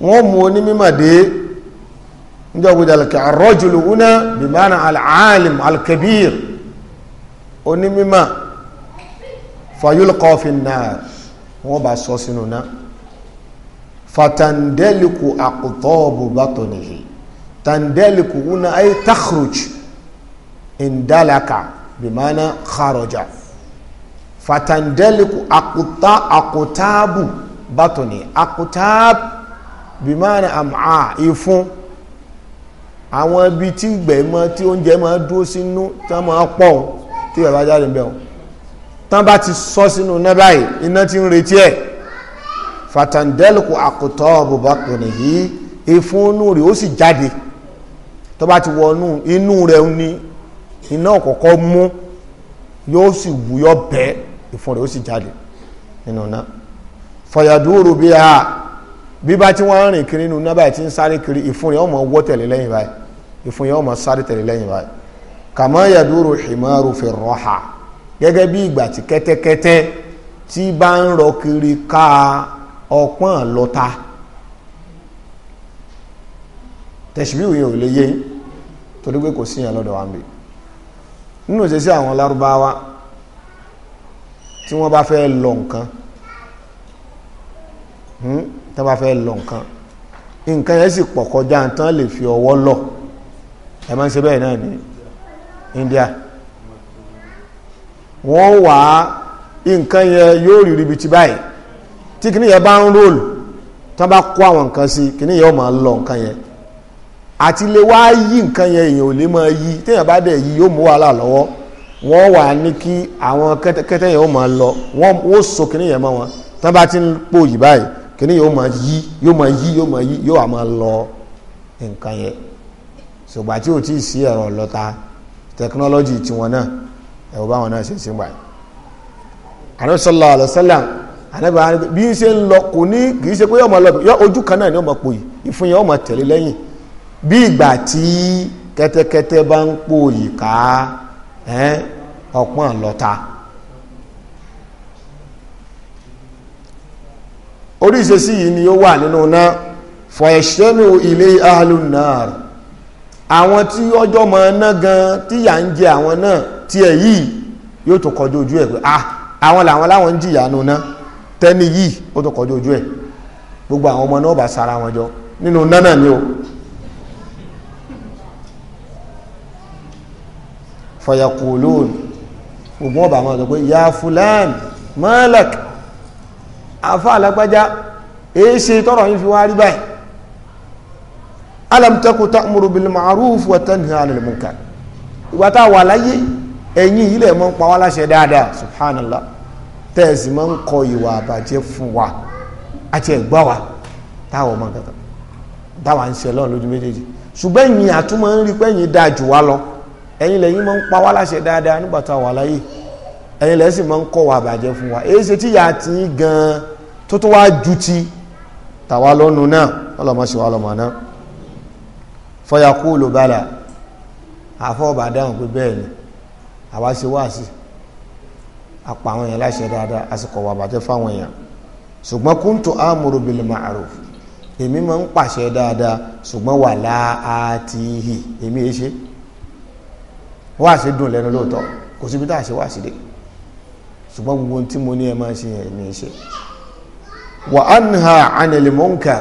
wọ́n mú onímọ̀ dé níjọ́ gbé dalẹ̀kẹ́ arọ́jùlù una bimana al'alim alkabir onímímà fayulqa fin nar wọ́n bá sọ sínú náà fatandẹ́lìkù àkùtọ́ọ̀bù bátọ̀nìyí tandẹ́lìkù una ay takhruj indalaka bimana kharaja fatandẹ́lìkù àkùtá àkùtáàbù bátọ̀nìyí àkùtáàbù bimana am'a ìfún àwọn ibi tí ìgbẹ́ mọ́ tí oúnjẹ máa dúró sínú tí wọ́n máa pọ̀ tí ìgbẹ́ bá jáde ń bẹ̀ wọ́n tán bá ti sọ sínú iná báyìí iná ti ń retí ẹ̀ fatandẹ́lùkù àkùtọ́ ọ̀bùbọ̀kù nìyí ìfúnnú rẹ̀ ó sì jáde tó bá ti wọnú inú rẹ̀ ni iná ọ̀kọ̀ọ̀kọ̀ mú yóò sì wúyọ́ bẹ́ẹ̀ ìfún rẹ̀ ó sì jáde nínú náà fọyàdúró bí a bí bá tí wọ́n rìn kiri nínú náà báyìí tí ń sáré kiri ìfun yẹn ó máa wọ́ tẹ̀lé lẹ́yìn báyìí ìfun yẹn ó máa sáré tẹ̀lé lẹ́yìn báyìí kàmá yàdúró himaru fi rọ́ha gẹ́gẹ́ bí ìgbà tí kẹ́tẹ́kẹ́tẹ́ tí bá ń rọ kiri ká ọpọ́n lọ́ta tẹ̀síbíù yẹn ò lè yé torí pé kò sí yẹn lọ́dọ̀ wa ń bì nínú ìṣesí àwọn lárúbáwá tí wọ́n bá fẹ́ lọ nǹkan. Hmm? tó bá fẹ́ lọ nǹkan nǹkan yẹn sì pọ̀ kọjá tán lè fi ọwọ́ lọ ẹ máa ń ṣe bẹ́ẹ̀ náà ní India wọ́n wà á nǹkan yẹn yóò rí ribi ti báyìí tí kìnìyẹn bá ń róòlù tó bá kó àwọn nǹkan sí kìnìyẹn ó máa lọ nǹkan yẹn àti lè wá yí nǹkan yẹn èèyàn ò lè máa yí téèyàn bá dẹ̀ yí yóò mú wàhálà lọ́wọ́ wọ́n wà ní kí àwọn kẹ́tẹ́kẹ́tẹ́ yẹn ó máa lọ wọ́n ó so kìnìyẹn mọ́ wọn tó bá ti ń pò yí báyìí kíní yóò máa yí yóò máa yí yóò máa yí yóò máa lọ nǹkan yẹn ṣùgbọ́n tí ò tí ì sí ẹ̀rọ lọ́ta tẹkinọ́lọ́jì tiwọn náà ẹ̀wọ́ báwọn náà ṣe ń sìngbà yìí ànábì sallallahu alaihi wasallam ànábì bí ń ṣe ń lọ kò ní kì í ṣe pé yọ̀ọ́ máa lọ yọ ojú kan náà ni yọ̀ọ́ máa pòyì ìfun yẹn yọ̀ọ́ máa tẹ̀lé lẹ́yìn bí ìgbà tí kẹ́tẹ́kẹ́tẹ́ bá ń pòyì ká ọpọ́n lọ́ta. oríṣiríṣi yìí ni ó wà nínú náà fọ̀ẹ̀ṣẹ́nu ilé ahlunnar àwọn tí ọjọ́ mọ ná gan tí yà ń jẹ àwọn náà tí ẹ yìí yóò tó kọjú ojú ẹ pé ah àwọn làwọn láwọn ń jìyà nù náà tẹ́ni yìí ó tó kọjú ojú ẹ gbogbo àwọn ọmọ náà bá sara wọn jọ nínú nánà ni o fọyàkùlùn gbogbo ọba àwọn ọ̀dọ́ pé ya fulan malak àfa alágbájá èé ṣe tọrọ yín fi wá rí báyìí alam taku ta'muru bil ma'ruf wa tanha 'anil munkar ìgbà tá a wà láyé ẹ̀yin yìí lè mọ́ ń pa wá láṣẹ dáadáa subhanallah tẹ́ẹ̀sì máa ń kọ ìwà àbàjẹ́ fún wa àti ẹ̀gbá wa táwọn ọmọ kankan táwọn à ń ṣe lọ́run méjèèjì ṣùgbọ́n ẹ̀yin àtúmọ̀ ń rí pé ẹ̀yin dáa jù wá lọ ẹ̀yin lẹ́yìn máa ń pa wá láṣẹ dáadáa nígbà tá ẹ̀yin lẹ́sìn máa ń kọ́ wa àbàjẹ́ fún wa èyí ṣe tí ìyá ti gan tó tó wá ju ti tàwa lọ́nu náà ọlọ́mọ ṣe wà lọ́mọ náà fọyà kú ló bala àfọwọ́bà dáhùn pé bẹ́ẹ̀ ni àwa ṣe wá sí apá àwọn èèyàn láṣẹ dáadáa àsìkò wà bàjẹ́ fáwọn èèyàn ṣùgbọ́n kúntù amúrú bil ma'ruf èmi máa ń pàṣẹ dáadáa ṣùgbọ́n wà láàtìhì èmi èé wá sí dùn lẹ́nu lóòótọ́ kò síbi tá a ṣe wá sí dé ṣùgbọ́n gbogbo tí mo ní ẹ máa ṣe ẹ̀mí ṣe wà á ń ha ànàlè mọ́ǹkà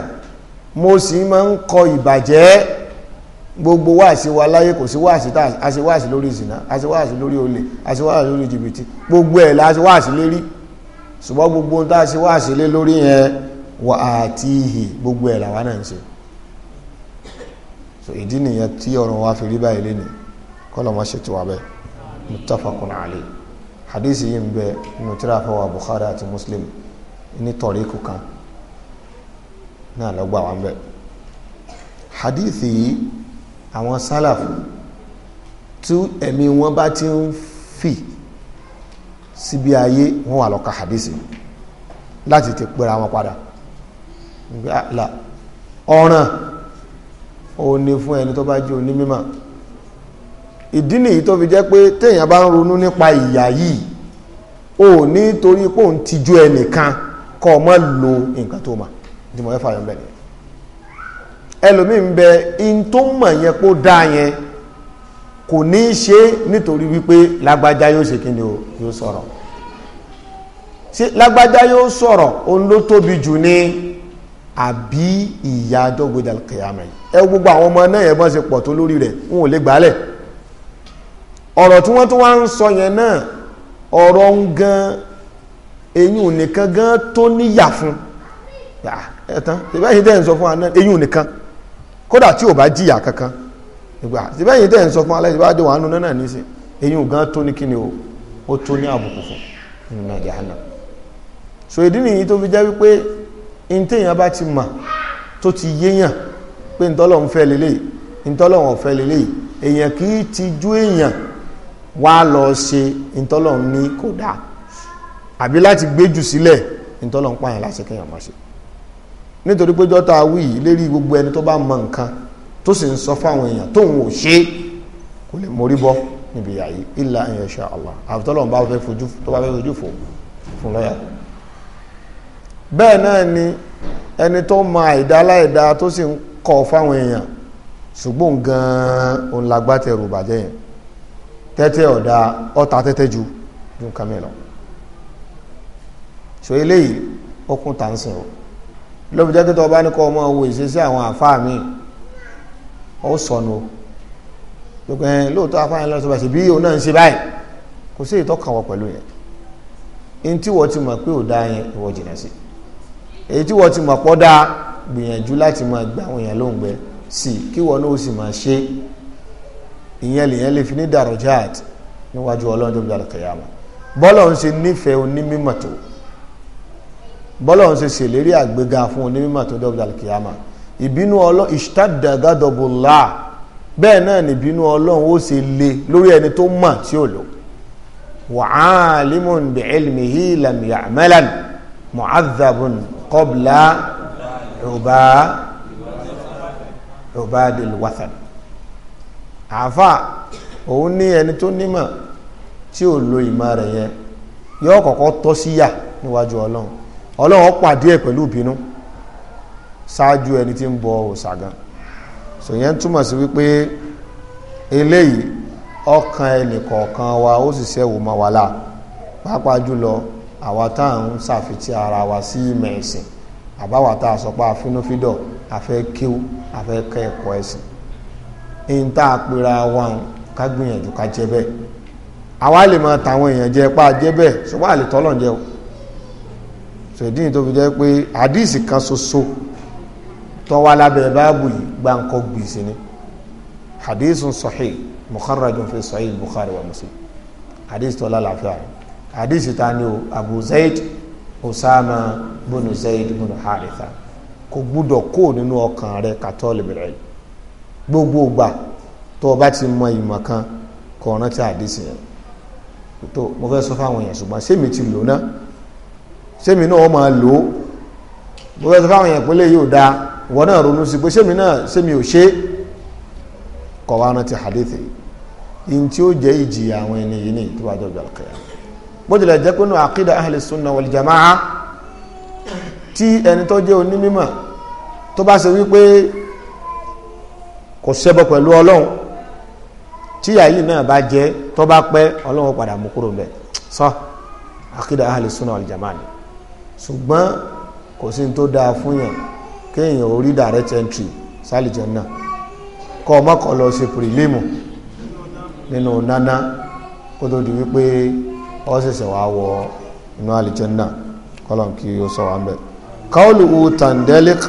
mo sì máa ń kọ ìbàjẹ́ gbogbo wáàsí wa láyé kò sí wáàsí tá a ṣe wáàsí lórí ìsìná a ṣe wáàsí lórí olè a ṣe wáàsí lórí jìbìtì gbogbo ẹ̀ la ṣe wáàsí lérí ṣùgbọ́n gbogbo tá a ṣe wáàsí lé lórí yẹn wà á ti hì gbogbo ẹ̀ làwa náà ń ṣe ìdí nìyẹn tí ọ̀rọ̀ wa fi rí báyìí lé ní kọ́lọ̀ mọ́ ṣètò wa bẹ́ẹ̀ muttafaqun alayhi hadisi yìí ń bẹ nínú tíra fọwọ́ Bukhari àti Muslim ní tọ̀ríkù kan náà lọ́gbà wọn bẹ́ẹ̀ hadithi yìí àwọn sálàf tí ẹ̀mí wọn bá ti ń fì síbi ayé wọn wà lọ́ka hadithi láti ti pera wọn padà ah, ọ̀ràn òun ni fún ẹni tó bá jẹ́ onímọ̀ ìdí nìyí tó fi jẹ́ pé téèyàn bá ń ronú nípa ìyà yìí ò ní torí pé òun ti ju ẹnìkan kọ́ ọ mọ́ lo nǹkan tó mà ní mo fẹ́ fà yọ̀ ni ẹlòmíì ń bẹ in tó mọ̀ yẹn kó dáa yẹn kò ní í ṣe nítorí wípé lágbájá yóò ṣe kíni o yóò sọ̀rọ̀ ṣé lágbájá yóò sọ̀rọ̀ òun ló tóbi jù ní àbí ìyà àjọgbèdà ẹ gbogbo àwọn ọmọ náà yẹn bọ́n ṣe pọ̀ tó lórí rẹ̀ n ò lè gbálẹ̀ ọ̀rọ̀ tí wọ́n tún wá ń sọ yẹn náà ọ̀rọ̀ ń gan eyín ò nìkan gan tó níyà fún ẹ̀tàn ìbẹ́yìn tẹ́ sọ fún wa náà kódà tí ò bá jìyà kankan ìgbà ìbẹ́yìn tẹ́ ń sọ fún wa bá dé wàánu náà eyín ò gan o ó tó ní àbùkù fún so nìyí tó fi jẹ́ wípé ti mà tó ti pé fẹ́ wá lọ ṣe ìtọ́lọ̀ ní kódà àbí láti gbéjù sílẹ̀ ìtọ́lọ̀ ń pààyàn láti kéèyàn máa ṣe nítorí pé jọ́ta wí lérí gbogbo ẹni tó bá mọ nǹkan tó sì ń sọ fáwọn èèyàn tóun ò ṣe kò lè mórí bọ́ níbi àyè ilà an yasha Allah àbítọ́lọ̀ bá fẹ́ fojú tó bá fẹ́ fojú fò fún lọ́yà bẹ́ẹ̀ náà ni ẹni tó mọ àìdá aláìdá tó sì ń kọ̀ fáwọn èèyàn ṣùgbọ́n gan-an òun lágbátẹrù bàjẹ́ yẹn tẹ́tẹ́ ọ̀dà ọta tẹ́tẹ́ ju ju nǹkan lọ so eléyìí okun tà ń sìn o lóbi jẹ́ kíntọ́ ọba ní kọ́ ọmọ owó ìṣesí àwọn àfáà mi ó sọnù o lópin ẹ̀ lóòótọ́ afáà yẹn lọ́sọ̀bà sí bí òun náà ń ṣe báyìí kò sí ìtọ́kàn wọ pẹ̀lú yẹn èyí tí wọ́n ti mọ̀ pé ò yẹn ìwọ jìnnà sí èyí tí wọ́n ti mọ̀ pọ́ dáa gbìyànjú láti máa gbé àwọn èèyàn sí kí wọ́n náà ó sì máa ṣe é ìyẹn lèyẹn lè fi ní darajat níwájú ọlọ́run tó bí alùkẹ́yàmà bọ́lọ̀ ń ṣe nífẹ̀ẹ́ onímọ̀ tó bọ́lọ̀ ń ṣe ṣèlérí àgbéga fún onímọ̀ tó dọ́bí alùkẹ́yàmà ìbínú ọlọ́run ìṣtàdàgàdọ̀bùlà bẹ́ẹ̀ náà nìbínú ọlọ́run ó ṣe le lórí ẹni tó mọ̀ tí ò lò wàhálímùn bí ẹlmìhí làmìyà mẹ́lánì mu'adhabun qabla ọba ọba adìlúwàtàn àáfà òun ní ẹni tó nímọ̀ tí ò lo ìmọ̀ rẹ̀ yẹn yóò kọ́kọ́ tọ́ síyà níwájú ọlọ́run ọlọ́run pàdé ẹ̀ pẹ̀lú ìbínú ṣáájú ẹni tí ń bọ òòṣà gan so yẹn túmọ̀ sí wípé eléyìí ọkàn ẹnì kọ̀ọ̀kan wa ó sì ṣẹ́wò mọ́ wa láà pàápàá jùlọ àwa tá à ń ṣàfitì ara wa sí ìmọ̀ ẹ̀sìn àbáwá tá a sọ pé àfinúfídọ̀ àfẹ́ kíw àfẹ́ kẹ́ẹ̀kọ́ ẹ̀sìn ń tá a pera wa ká gbìyànjú ká jẹ bẹ́ẹ̀ àwa lè máa tàwọn èèyàn jẹ pa jẹ ṣùgbọ́n jẹ o ṣèdí tó fi jẹ pé àdíìsì kan ṣoṣo tó wà lábẹ́ báàbù yìí gbáǹkọ́ gbèsè ni àdíìsùn fi ni o Abu zayid Usama bunu zayid bunu Haritha kò gbúdọ̀ kó nínú ọkàn gbogbo ìgbà tó o bá ti mọ ìmọ̀ kan kò rántí àdísì yẹn tó mo fẹ́ sọ fáwọn èèyàn ṣùgbọ́n sẹ́mi ti lò náà sẹ́mi náà wọ́n máa lò ó mo fẹ́ sọ fáwọn èèyàn pé léyìí ò dáa ìwọ náà ronú sí pé sẹ́mi náà sẹ́mi ò ṣe kò wá rántí àdísì yìí tí ó jẹ́ ìjìyà àwọn ẹni yìí ní ìtúwájọ́ ìjọ àkẹyà bó jẹ́ pé nù àkídà kò ṣẹbọ pẹ̀lú ọlọ́run tíyà yìí náà bá jẹ tó bá pẹ́ ọlọ́run padà mú kúrò mbẹ sọ akida ahli sunna wal jamaa ni ṣùgbọ́n kò sí ní tó dáa fún yàn kéèyàn orí direct entry sálìjọ náà kọ́ ọmọ kan lọ ṣe pìrìlímù nínú nana kó tó di wípé ọ ṣẹ̀ṣẹ̀ wá wọ inú àlìjọ náà kọ́lọ̀ kí ó sọ wá ń bẹ̀. kaulu utandelic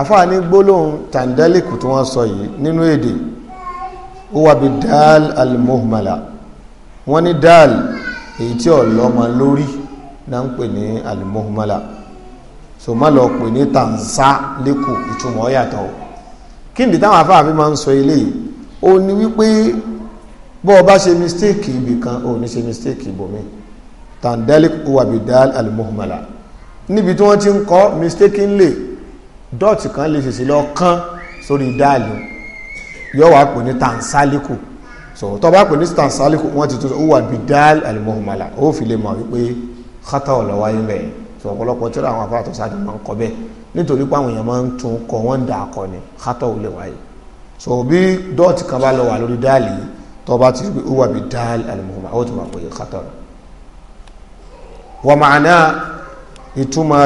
àfáàní gbólóhùn tàndálìkù tí wọ́n sọ yìí nínú èdè ó wà bí dal al-muhmala wọ́n ní dal èyí tí ọ̀lọ́mọ lórí náà ń pè ní al so má lọ pè ní tàǹsá lẹ́kù ìtumọ̀ yàtọ̀ kí nìdí táwọn afáàfin máa ń sọ eléyìí ó ní wípé bọ́ ọ bá ṣe mistake ibì kan ò ní ṣe mistake ibòmí tàndálìkù wà bí dal al-muhmala níbi tí wọ́n ti ń kọ́ mistakenly dọ́ọ̀tì kan lè ṣèṣe lọ kán sórí dáàlì yóò wá pè ní tansaliko so tó bá pè ní tansaliko wọ́n ti tún ó wà bí dáàlì alimọ̀hùnmalà ó fi lè mọ̀ wípé kátà ọ̀lọ́wà yín bẹ́ẹ̀ so ọ̀pọ̀lọpọ̀ tí ó rà àwọn afárá tó sáájú máa ń kọ bẹ́ẹ̀ nítorí pé àwọn èèyàn máa ń tún kọ wọ́n ń dà kọ ni kátà ò lè wáyé so bí dọ́ọ̀tì kan bá lọ wà lórí dáàlì yìí o bá ti ó wà bí dáàlì alimọ̀hùnmalà ó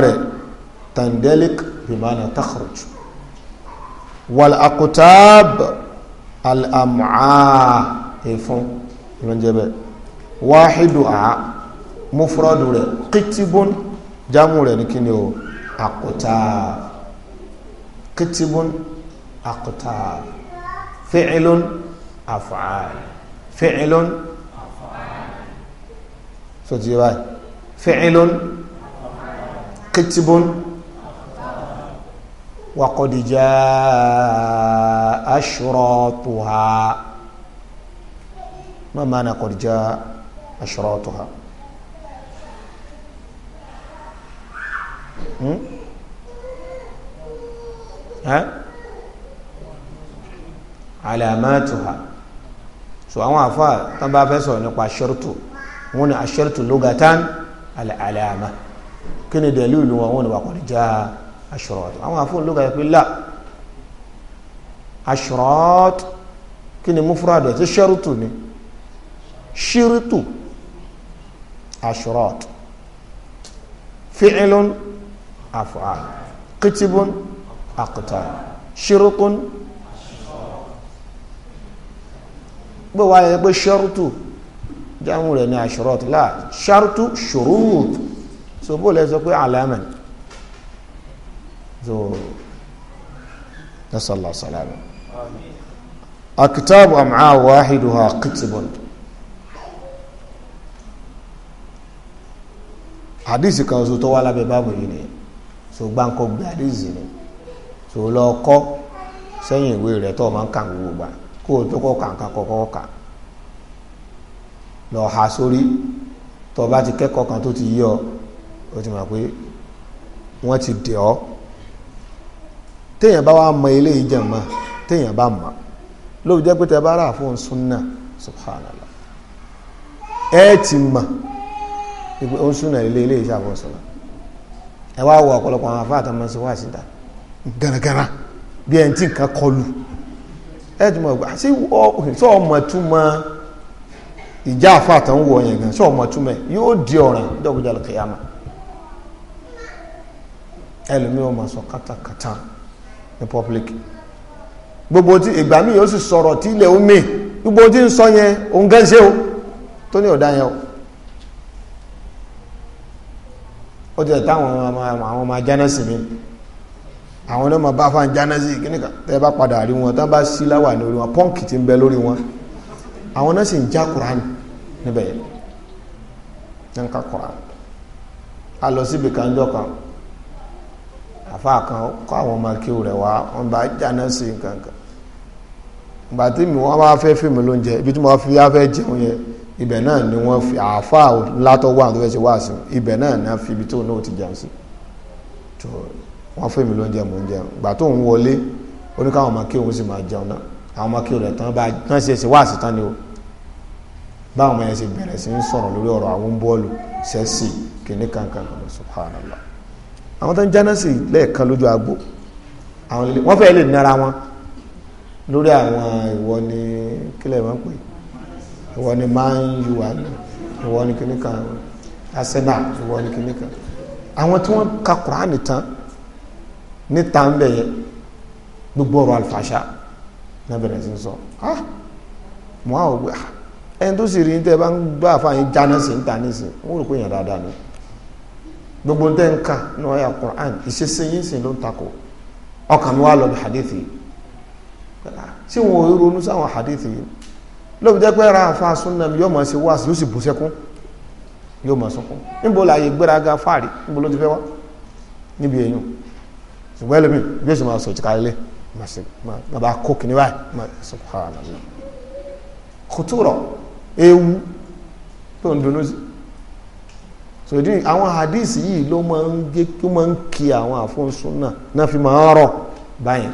ti bimana takhruj wal akutab al amca efun ìmọ̀jẹ̀bẹ̀ wáhidu a mufradu rẹ̀ kitibun jamu rẹ̀ ní kíni o akutab kitibun akutab ficilun afaal ficilun so ti yẹ báyìí ficilun وقد جاء أشراطها ما معنى قد جاء أشراطها م? ها علاماتها so àwọn afa tán bá fẹ́ sọ̀rọ̀ nípa aṣọ́rùtù wọn ni aṣọ́rùtù lugatan al-alama kí ni dẹ̀lú wọn wọn ni wà qad jaa ashrot àwọn àfọ̀n ló gàdá pé là ashrot kí ni mufrad ẹ̀ tó ṣẹ́rùtù ni ṣírìtù ashrot fi'ilun af'al kitibun akutan ṣírìtùn gbé wa yẹ pé ṣọ́rùtù jáwọn rẹ̀ ní ashrot là ṣárùtù ṣòrùtù so bó lè sọ pé alaman so nasala salama akitaabu amca waaxiduha qitibun hadisi kan so tó wà lábẹ́ báàbò yìí nìyẹn so gbáǹkọ gbé hadisi ni so lọ kọ sẹ́yìn ìwé rẹ̀ tó o máa ń kà gbogbo gbà kó o tó kọ kàǹkà kọkọ kà lọ ha sórí tó o bá ti kẹ́kọ̀ọ́ kan tó ti yí ọ o ti mọ̀ pé wọ́n ti dè ọ́ téèyàn bá wá mọ ilé ìjẹmọ téèyàn bá mọ lóbi jẹ́ pé tẹ bá rà fún súnà subhanallah ẹ ti mọ ìpè ó ń súnà ilé ilé iṣẹ́ àwọn sọlá ẹ wá wọ ọ̀pọ̀lọpọ̀ àwọn afá àtàwọn ọmọ wa síta gàràgàrà bí ẹni tí nǹkan kọlu ẹ ti mọ gbà sí ọmọ túmọ̀ ìjà afá àtàwọn wọ yẹn gan sí ọmọ túmọ̀ yóò di ọ̀ràn dọkùjà lọkẹyàmà ẹlòmíràn máa sọ kátàkátà ní public gbogbo tí ìgbà míì yóò sì sọ̀rọ̀ tí ilẹ̀ omi gbogbo tí ń sọ yẹn òun gán ṣe o tó ní ọ̀dá yẹn o ó ti ẹ̀ta àwọn àwọn ọmọ ajánásì mi àwọn náà máa bá fáwọn ajánásì kíníkà tẹ́ bá padà rí wọn tán bá sí láwà lórí wọn pọ́ǹkì ti ń bẹ lórí wọn àwọn náà sì ń já kuraani níbẹ̀ yẹn ní ń ka kuraani a lọ síbi kan kan àfa kan kọ́ àwọn ọmọ kí rẹ̀ wá wọn bá jáná sí nǹkan kan ìgbà tí mi wọ́n bá fẹ́ fíìmù lóúnjẹ ibi tí mo fi á fẹ́ jẹun yẹn ibẹ̀ náà ni wọ́n fi àfa látọ̀ wà tó fẹ́ ṣe wá sí ibẹ̀ náà ni a fi ibi tó náà ti jẹun sí tó wọ́n fíìmù lóúnjẹ mò ń jẹun ìgbà tó ń wọlé oníkàwọn ọmọ kí òun sì máa jẹun náà àwọn ọmọ kí rẹ̀ tán bá tán ṣe ṣe wá sí tán ni o báwọn ọmọ yẹn ṣe bẹ̀rẹ̀ sí ń sọ̀rọ̀ lórí ọ̀rọ̀ àwọn bọ́ọ̀lù sẹ́sì kìnnìkankan subhanallah àwọn tó ń jánásì lẹ́ẹ̀kan lójú agbo àwọn lè wọ́n fẹ́ẹ́ lè nára wọn lórí àwọn ìwọ ni kílẹ̀ máa ń pè ìwọ ni máa ń yù wá ìwọ ni kìnnìkan Arsenal ìwọ ni kìnnìkan àwọn tí wọ́n ka Kùránì tán níta ń bẹ̀ yẹn gbogbo ọ̀rọ̀ àlùfàṣà náà bẹ̀rẹ̀ sí sọ ah mo á ò gbé ẹni tó sì rí ní tẹ́ bá ń gbá àfààní jánásì ń ta nísìn wọ́n rò pé èèyàn dáadáa ni gbogbo ń tẹ́ ní ọ̀yà Qur'an ìṣesí yín sì ló ń takò ọkàn mi wá lọ bí hadith yìí sí wọn ò ronú sáwọn hadith yìí lóbi jẹ́ pé ra àfa súnà mi yóò máa ṣe wáàsí yóò sì bù sẹ́kún yóò máa sọkún níbo láàyè gbéraga fáàrí níbo ló ti fẹ́ wá níbi èèyàn ṣùgbọ́n ẹlòmí bí ó máa sọ ìtìkà ilé máa bá kó kìnìún báyìí máa sọ kó hàn án kò tó rọ ewu tó ń dunú sí. sòdí àwọn hadith yìí ló máa ń gé kí máa ń kí àwọn àfọ́nsúnà náà fi máa rọ̀ báyìí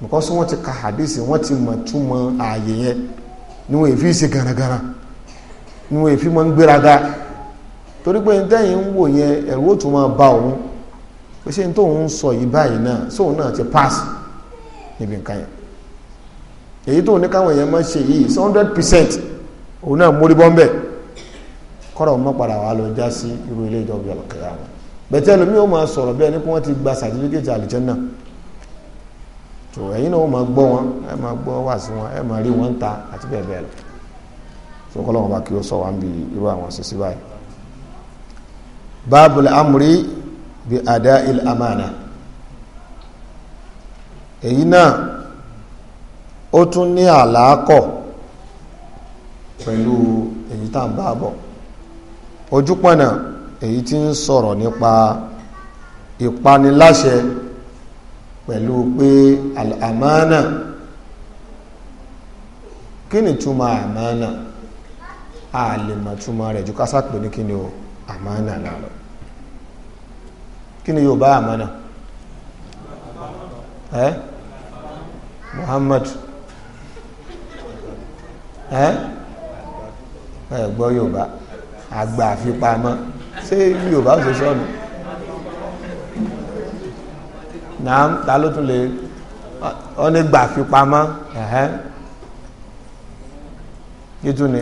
because wọ́n ti ka hadith wọ́n ti mọ̀ túmọ̀ ààyè yẹn níwọ̀n èéfì ṣe garagara níwọ̀n èéfì máa ń gbéraga torí pé ntẹ́yìn ń wò yẹn ẹ̀rù ó tún ba òun pé ṣé sọ yìí báyìí náà sóun náà ti pass níbi nǹkan yẹn èyí máa ṣe yìí percent òun náà kọ́rọ̀ mọ́ padà wà lọ já sí irú ilé ìjọba ọ̀kẹ́yà wọn bẹ̀tẹ́ lómi ó máa sọ̀rọ̀ bẹ́ẹ̀ ní kí wọ́n ti gba sàtífíkẹ́tì àlìjẹ́nà tó ẹ̀yin náà ó máa gbọ́ wọn ẹ máa gbọ́ wà sí wọn ẹ máa rí wọn ta àti bẹ́ẹ̀ bẹ́ẹ̀ lọ tó kọ́ lọ́wọ́n bá kí ó sọ wá ń bi irú àwọn sísí báyìí. báàbùl amúrí bi àdá il amánà èyí náà ó tún ní àlàákọ̀ pẹ̀lú èyí tá à ń bá a bọ̀ ojúpọ̀nà èyí tí ń sọ̀rọ̀ nípa ìpaniláṣẹ pẹ̀lú pé àmánà kí ni túmọ̀ àmánà a lè mọ̀ túmọ̀ rẹ̀ ju kásá pè ní kí ni o àmánà náà lọ kí ni yóò bá àmánà ẹ́ Muhammad ẹ́ ẹ̀ gbọ́ yóò bá àgbà àfipamọ́ ṣé yorùbá ò ṣe sọnù náà ta ló tún lè ọ ní gbà fipamọ́ ẹ̀hẹ́ yítu ni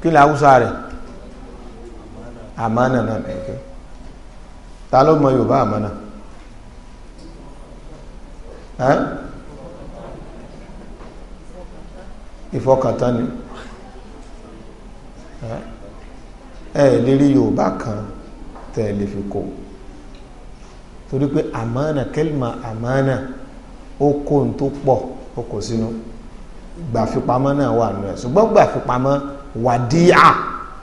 kí ni awúsá rẹ̀ àmánà náà ẹ̀kẹ́ ta ló mọ yorùbá àmánà ẹ́ ìfọkàntán ni ẹ lérí yorùbá kan tẹ ẹ lè fi kó torí pé àmánà kẹlìmà àmánà ó kó n tó pọ̀ ó kó sínú gbàfipamọ́ náà wà nù ẹ̀ ṣùgbọ́n gbàfipamọ́ wàdíà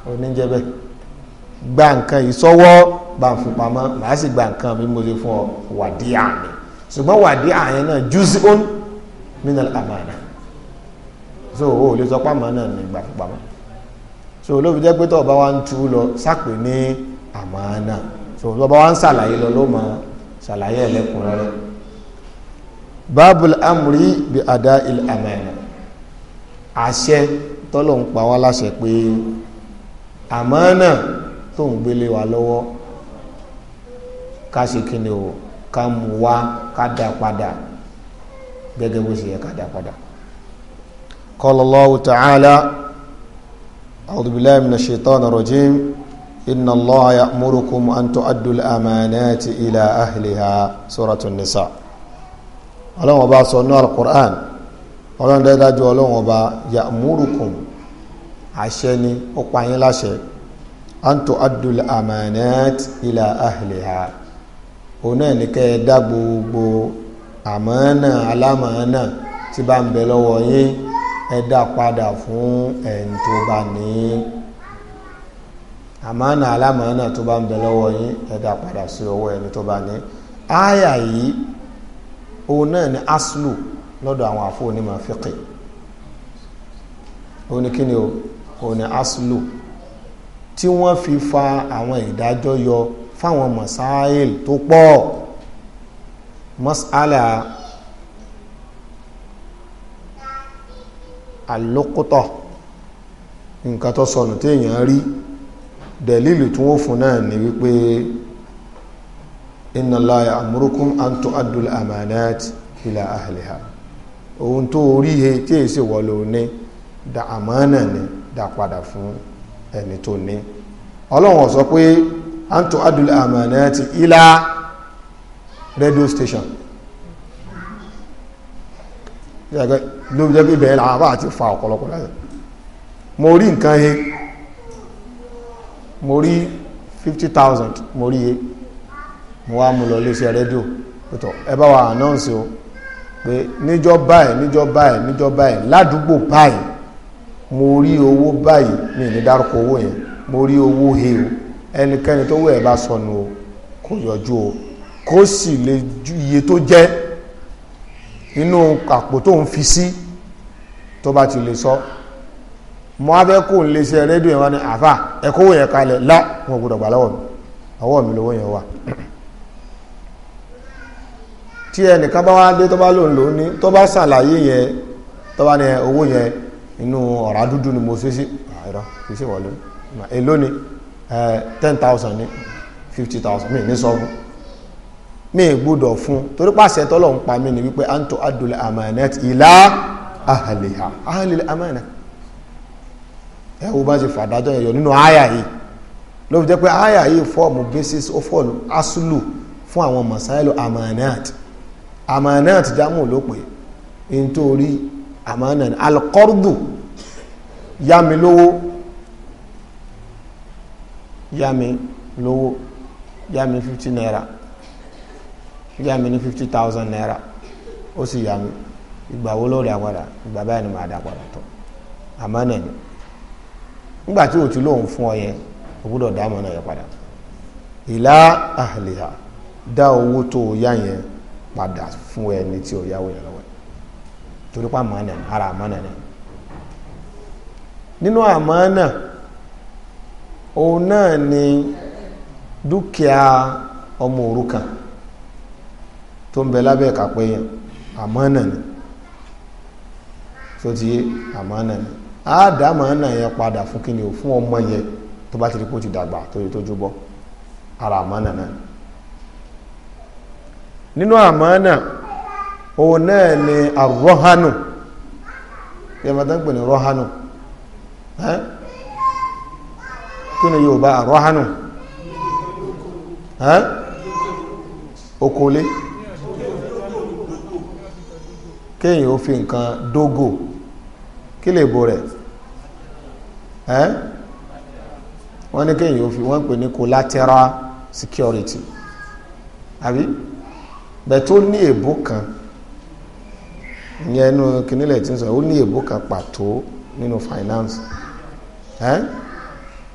oníjẹ́bẹ̀ gba nǹkan yìí sọ́wọ́ gbàfipamọ́ màá sì gba nǹkan bí mo ṣe fún ọ wàdíà mi ṣùgbọ́n wàdíà yẹn náà jùsí ó ń mí náà àmánà so o ò lè sọ pé àmánà ní gbàfipamọ́ so ló fi jẹ́ pé tọ́ọ̀bá wa ń tú lọ sápè ní àmàánà so tọ́ọ̀bá wa ń ṣàlàyé lọ ló máa ṣàlàyé ẹlẹ́kùnrẹ́rẹ́ bábùl amúrí bí àdá il àmàánà àṣẹ tọ́lọ̀ ń pa wá láṣẹ pé àmàánà tó ń gbélé wa lọ́wọ́ ká ṣe kí o ká mú wá ká dá padà gẹ́gẹ́ bó ṣe yẹ ká dá padà qala ta'ala. أعوذ بالله من الشيطان الرجيم إن الله يأمركم أن تؤدوا الأمانات إلى أهلها سورة النساء ọlọ́run ọba sọ ní alukur'an ọlọ́run dájú ọlọ́run ọba ya'murukum àṣẹ ni ó pa yín láṣẹ an tu'addu al-amanat ila ahliha òun náà ní kẹ́ ẹ dá gbogbo àmánà alámánà tí bá ń bẹ lọ́wọ́ yín ẹ dá padà fún ẹni tó bá ní àmánà alámánà tó bá ń bẹ lọ́wọ́ yín ẹ dá padà sí ọwọ́ ẹni tó bá ní áyà yìí òun náà ni aslu lọ́dọ̀ àwọn àfọ onímọ̀ fíkì òun ni kí ni o òun ni aslu tí wọ́n fi fa àwọn ìdájọ́ yọ fáwọn masáìl tó pọ̀ masala alókótọ̀ nǹkan tó sọnù tí èèyàn rí dẹ̀lílù tí wọ́n fún náà ni wípé inna Allaha ya'murukum an tu'addu al-amanati ila ahliha ohun tó rí he tí èsì wọlé òní da àmánà ni dá padà fún ẹni tó ní ọlọ́run sọ pé an tu'addu al-amanati ila radio station ló jẹ́ pé bẹ̀rẹ̀ làwọn àti fa ọ̀pọ̀lọpọ̀ láti mo rí nǹkan he mo rí 50,000 mo rí he mo wá mú lọ léṣẹ́ rédíò pẹ̀tọ̀ ẹ bá wa announce o pé níjọ́ báyìí níjọ́ báyìí níjọ́ báyìí ládùúgbò báyìí mo rí owó báyìí mi ní dárúkọ owó yẹn mo rí owó he o ẹnikẹ́ni tó wẹ̀ bá sọnù o kò yọjú o kó sì lè ju iye tó jẹ́ inú àpò tó ń fi sí tó bá ti lè sọ mo á fẹ́ kó ń lè ṣe rédíò yẹn wá ní àfà ẹ̀kọ́ yẹn kalẹ̀ lá wọn gbọdọ̀ gbà lọ́wọ́ mi ọwọ́ mi lówó yẹn wà tí ẹnìkan bá wá dé tó bá lòun lòun ní tó bá ṣàlàyé yẹn tó bá ní owó yẹn inú ọ̀rá dúdú ni mo ṣe sí àìrọ́ kì í wọlé èló ni ten thousand ní fifty thousand mi ní sọ mi gbọ́dọ̀ fún torí pàṣẹ tọ́lọ́run pa mí ni wípé anto adul amanat ila ahliha ahlil amana ẹ wo bá ṣe fàdájọ́ ẹ̀yọ nínú àyà yìí ló fi jẹ́ pé àyà yìí fọ́ọ̀mù basis ó fọ́ọ̀lù asulu fún àwọn masáìlú amanat amanat jámù ló pè nítorí amanat alqordu yámi lówó yámi lówó yámi fifty naira yá ni ní fifty thousand naira o si yá mi ìgbà wo lórí àpàdà ìgbà ni màá dá padà tọ àmọ́ náà ni nígbà tí fún ọ yẹn o gbúdọ̀ dá àmọ́ náà yẹn padà ìlà àhìlìhà dá owó tó o yá yẹn padà fún ẹni o yẹn lọ́wọ́ torí pa ara àmọ́ náà nínú náà ni dúkìá ọmọ tó ń bẹ lábẹ́ ìkápẹ́ yẹn àmánà ni tó ti yé àmánà ni á dá àmánà yẹn padà fún kíni o fún ọmọ yẹn tó bá ti rí pé ti dàgbà tó yẹ tó júbọ ara àmánà náà nínú àmánà òun náà ni àrọ́hánù yẹn máa tán pè ní rọ́hánù kí ni Yorùbá àrọ́hánù okòólé kéèyàn ó fi nǹkan dógò kí lè bo rẹ̀ ẹ́ wọ́n ní kéèyàn ó fi wọ́n pè ní collateral security àbí bẹ́ẹ̀ tó ní èbó kan ìyẹn inú kìnìlẹ̀ tí ń sọ ó ní èbó kan pàtó nínú finance ẹ́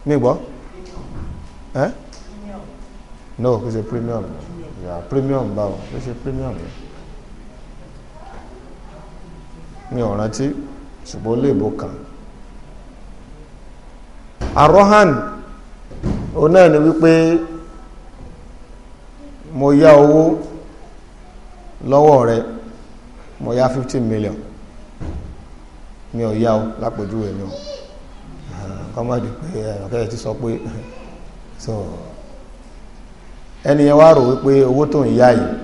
mi gbọ́ ẹ́ no kò ṣe premium yeah, premium báwo kò ṣe premium yẹn. Yeah mi ò rántí ṣùgbọ́n léèbó kan arohan òun náà ni wípé mo yá owó lọ́wọ́ rẹ mo yá fifteen million mi ò yá o lápèjúwe mi o kọ́mọ́dé pé ọ̀kẹ́ ti sọ pé so ẹni yẹn wá rò wípé owó tó ń yá yìí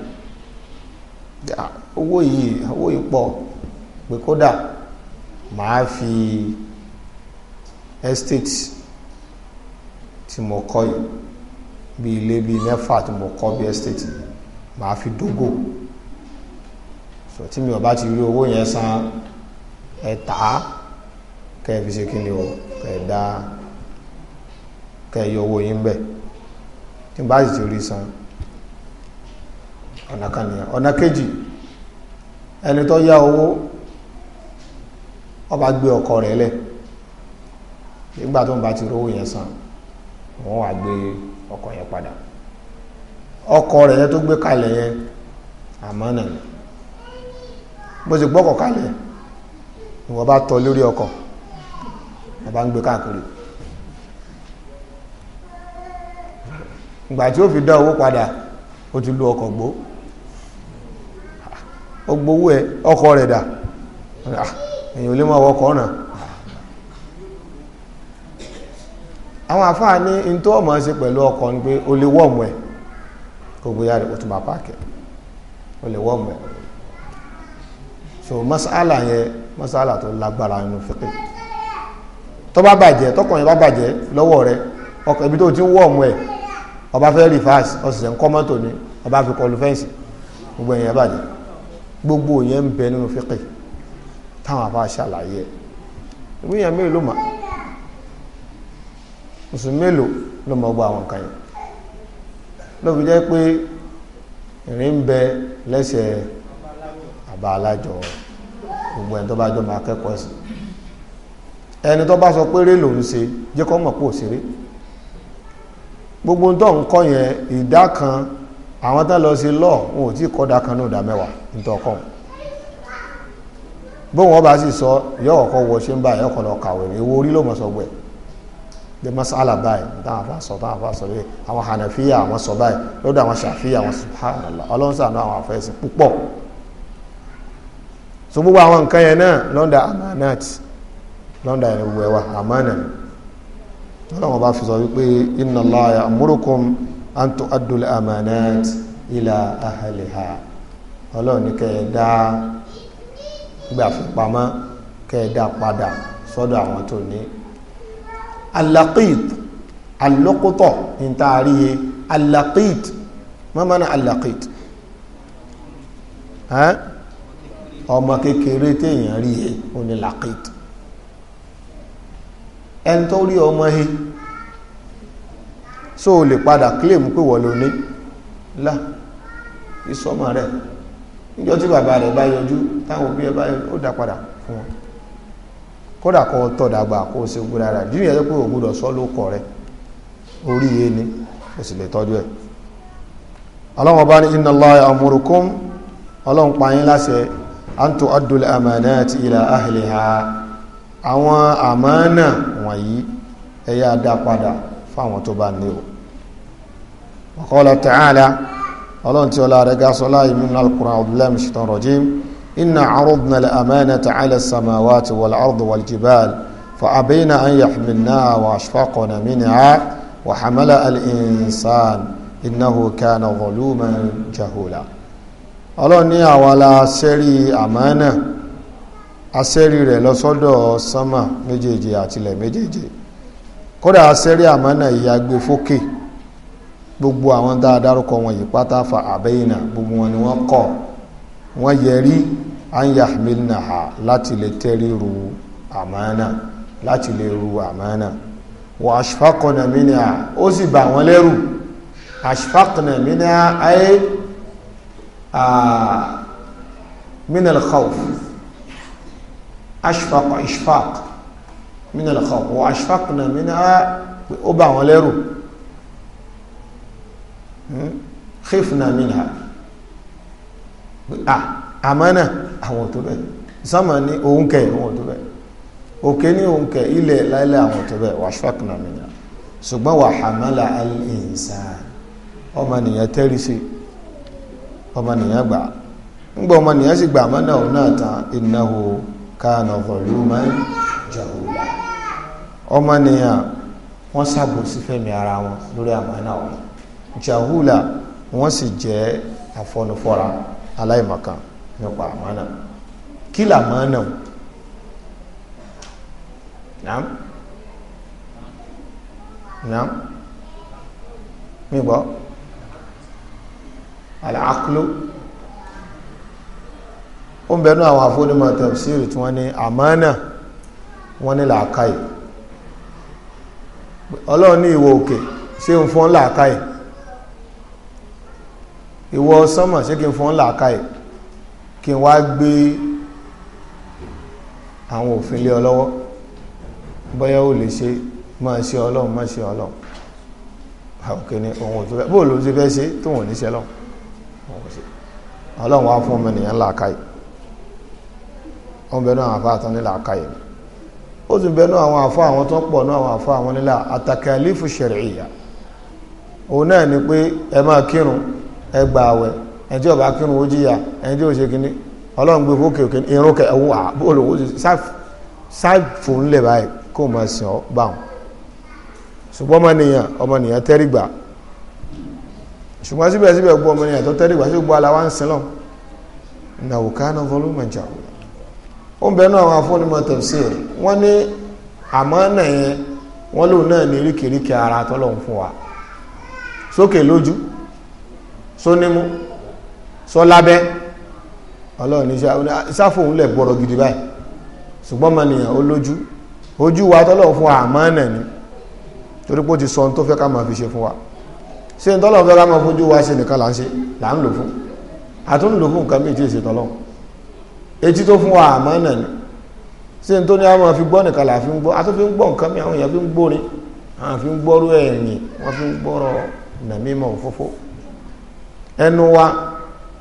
owó yìí owó yìí pọ̀ pé kódà màá fi estate tí mo kọ́ yìí bí ilé bíi mẹ́fà tí mo kọ́ bí estate màá fi dógò so tí mi ò bá ti rí owó yẹn san ẹ tà á kẹ́ ẹ fi ṣe kí ni o kẹ́ ẹ dá kẹ́ ẹ yọ owó yín bẹ̀ tí n bá sì ti rí san ọ̀nà kan nìyẹn ọ̀nà kejì ẹni tó yá owó ọba bá gbé ọkọ rẹ lẹ, nígbà tó ń bá ti rówó yẹn san wọn wà gbé ọkọ yẹn padà ọkọ rẹ yẹn tó gbé kalẹ yẹn àmọ́ náà ni bó ti gbọ́kọ̀ kalẹ̀ ni bá tọ́ lórí ọkọ wọ́n bá ń gbé káàkiri ìgbà tí ó fi dá owó padà ó ti lu ọkọ gbó ó gbowó ẹ ọkọ̀ rẹ̀ dà èyàn ò lè mọ̀ ọkọ̀ ọ̀nà àwọn àfáà ní in tó ọmọ ṣe pẹ̀lú ọkọ̀ ní pé o lè wọ́ọ̀mù ẹ̀ kò gbéyà rẹ̀ tún bá páàkì o lè wọ́ọ̀mù ẹ̀ so masala yẹn masala tó lágbára nínú fẹ́kẹ̀ tó bá bàjẹ́ tọkàn yẹn bá bàjẹ́ lọ́wọ́ rẹ̀ ọkọ̀ ibi tó ti ń wọ́ọ̀mù ẹ̀ ọba fẹ́ rìfáàs ọ̀sẹ̀ ń kọ́ mọ́tò ni ọba fi kọlu fẹ́ǹsì gbogbo ẹ̀yẹn bàjẹ́ gbogbo yẹn ń bẹ nínú fẹ́kẹ̀ táwọn àbá ṣàlàyé ìwé yẹn mélòó mà mùsùlùmí mélòó ló mọ gbọ́ àwọn nǹkan yẹn ló fi jẹ́ pé ìrìn ń bẹ lẹ́sẹ̀ àbá alájọ gbogbo ẹni tó bá jọ máa kẹ́kọ̀ọ́ ẹ̀sìn ẹni tó bá sọ pé eré lòún ṣe jẹ́ kó mọ̀ pé òṣèré gbogbo tó ń kọ́ yẹn ìdá kan àwọn tá lọ sí lọ́ọ̀ wọn ò tí kọ́ da kan ní ìdá mẹ́wàá ní tọkàn bóun ọba sì sọ yọ ọkọ wọ ṣe ń bá ẹyọ kan lọ kàwé ní owó orí ló mọ sọ gbẹ bí masala báyìí táwọn afa sọ táwọn afa sọ yìí àwọn hànàfíà àwọn sọ báyìí lọ́dọ̀ àwọn ṣàfíà àwọn subhanallah ọlọ́nsàánú àwọn afẹ́sìn púpọ̀ so gbogbo àwọn nǹkan yẹn náà lọ́ndà amanat lọ́ndà yẹn gbogbo ẹwà amanan ọlọ́wọ́n bá fi sọ wípé inna Allah ya'murukum an tu'addul amanat ila ahliha ọlọ́run dáa gbà fi pamọ́ kẹ́ẹ̀dá padà sọ́dọ̀ àwọn tó ní alaqit alokotọ ntaariye alaqit mọ́mọ́nà alaqit ọmọ kékeré téèyàn rí e ó ní laqit ẹni tó rí ọmọ he so o lè padà claim pé wọ́n ló ní là ìsọmọ rẹ̀ níjọ́ tí bàbá rẹ̀ bá yọjú táwọn òbí ẹ bá yọjú ó dá padà fún wọn kódà dàgbà kó o ṣe gbúra rà dídì yẹn pé ògbúdọ̀ sọ ló kọ̀ rẹ orí yé ni o sì lè tọ́jú ẹ. ọlọ́wọ́n bá ní inna Allaha ya'murukum ọlọ́run pa yín an ila ahliha àwọn àmánà wọ̀nyí ẹ̀yà dá padà fáwọn tó ọlọ́run tí ọlá rẹ̀ gásọ láì nínú al-Qur'an abdullahi shitan rajim inna arudna al-amanata ala samawati wal ardi wal jibal fa abayna an yahmilnaha wa ashfaqna minha wa hamala al-insan innahu kana zaluman jahula ọlọ́run ní àwọn aláṣẹ́rí àmánà asẹ́rí rẹ̀ lọ́sọ́dọ̀ sánmà méjèèjì àtilẹ̀ méjèèjì kódà asẹ́rí àmánà ìyàgbé fókè gbogbo àwọn tá a dárúkọ wọn yìí pátá fa àbẹ́yìnà gbogbo wọn ni wọ́n kọ̀ wọ́n yẹrí anya milnaha láti lè tẹ́rí ru àmánà láti lè ru àmánà wà ashfaqna minha ó sì bà wọ́n lẹ́rù ashfaqna minha ayé minal khawf ashfaq ishfaq minal khawf wà ashfaqna minha ó bà wọ́n lẹ́rù Hmm? khifna minha àmánà ah, àwọn òtò bẹ́ẹ̀ sámà ní òun kẹ àwọn òtò bẹ́ẹ̀ òkè ní òun kẹ ilẹ̀ láìlẹ̀ àwọn òtò bẹ́ẹ̀ wà ṣọ́kìnà minha ṣùgbọ́n wà hamala al-insan ọmọnìyàn tẹ́rí sí ọmọnìyàn gbà ńgbọ́ ọmọnìyàn sì gbà àmánà òun náà tán innahu kana zaluman jahula ọmọnìyàn wọ́n sàbòsí fẹ́mi ara wọn lórí àmánà òun jahula wọ́n sì jẹ́ àfọnufọ́ra aláìmọ̀kan nípa àmánà kí làmánà nam nam mi gbọ́ al-aqlu ó ń bẹ̀rù àwọn afọ́nimọ̀ tafsiri tí wọ́n ní àmánà wọ́n ní làákàyè ọlọ́run ní ìwọ òkè ṣé ń fọ́n làákàyè ìwọ sánmọ̀ ṣé kí n fún làákà ẹ̀ kí n wá gbé àwọn òfin lé ọ lọ́wọ́ bóyá ó lè ṣe máa ṣe ọlọ́run máa ṣe ọlọ́run àwòké ni ohun tó fẹ́ bóòlù ti fẹ́ ṣe tó wọ́n ní ṣe lọ́run ọlọ́run wá fún ọmọ ènìyàn làákà ẹ̀ ọmọ bẹ̀rù àwọn àfáà tán ní làákà ẹ̀ ó sì bẹ̀rù àwọn àfáà àwọn tó pọ̀ náà àwọn àfáà àwọn nílà àtàkàlífù ṣẹ̀rẹ̀ ìyà òun náà ni pé ẹ máa kírun ẹ gba àwẹ̀ ẹni tí ó bá kírun ó jìyà ẹni tí ó ṣe kíní ọlọ́run gbé fókè òkè irun kẹ ẹwọ àbúrò ṣáàfù ńlẹ̀ báyìí kó o máa sìn ọ́ bá wọn ṣùgbọ́n ọmọnìyàn ọmọnìyàn tẹ́rìgbà ṣùgbọ́n síbẹ̀síbẹ̀ gbọ́ ọmọnìyàn tó tẹ́rìgbà sí gbọ́ aláwa ń sin lọ ìnáwó kánú fọlọ́mọ̀jà ó ń bẹ náà àwọn afọ́nimọ̀ tẹ̀sí ẹ̀ wọ́n ní àmọ́ náà yẹn wọ́n lòun náà ní ríkìríkì ara tọ́lọ́hún fún wa sókè lójú sónímú sọlábẹ́ ọlọ́run ní sáfòun lẹ̀ gbọ́rọ̀ gidi báyìí ṣùgbọ́n mọ̀nìyàn ó lójú ojú wa tọ́lọ̀ fún àmánà ni torí pé ó ti sọ ohun tó fẹ́ ká máa fi ṣe fún wa ṣé ń tọ́lọ̀ fẹ́ ká máa fojú wa ṣe nìkan là ń ṣe là ń lò fún àtún lò fún nǹkan méjì èsì tọ́lọ̀ etí tó fún wa àmánà ni ṣé ń tó ní àwọn fi gbọ́ nìkan là fi ń gbọ́ àtún fi ń gbọ́ nǹkan mi àwọn èèyàn fi ń gbórin àwọn fi ń gbọ́rú ẹ̀yìn wọ́n fi ń gbọ́rọ̀ nàmímọ̀ òfófó ẹnu wa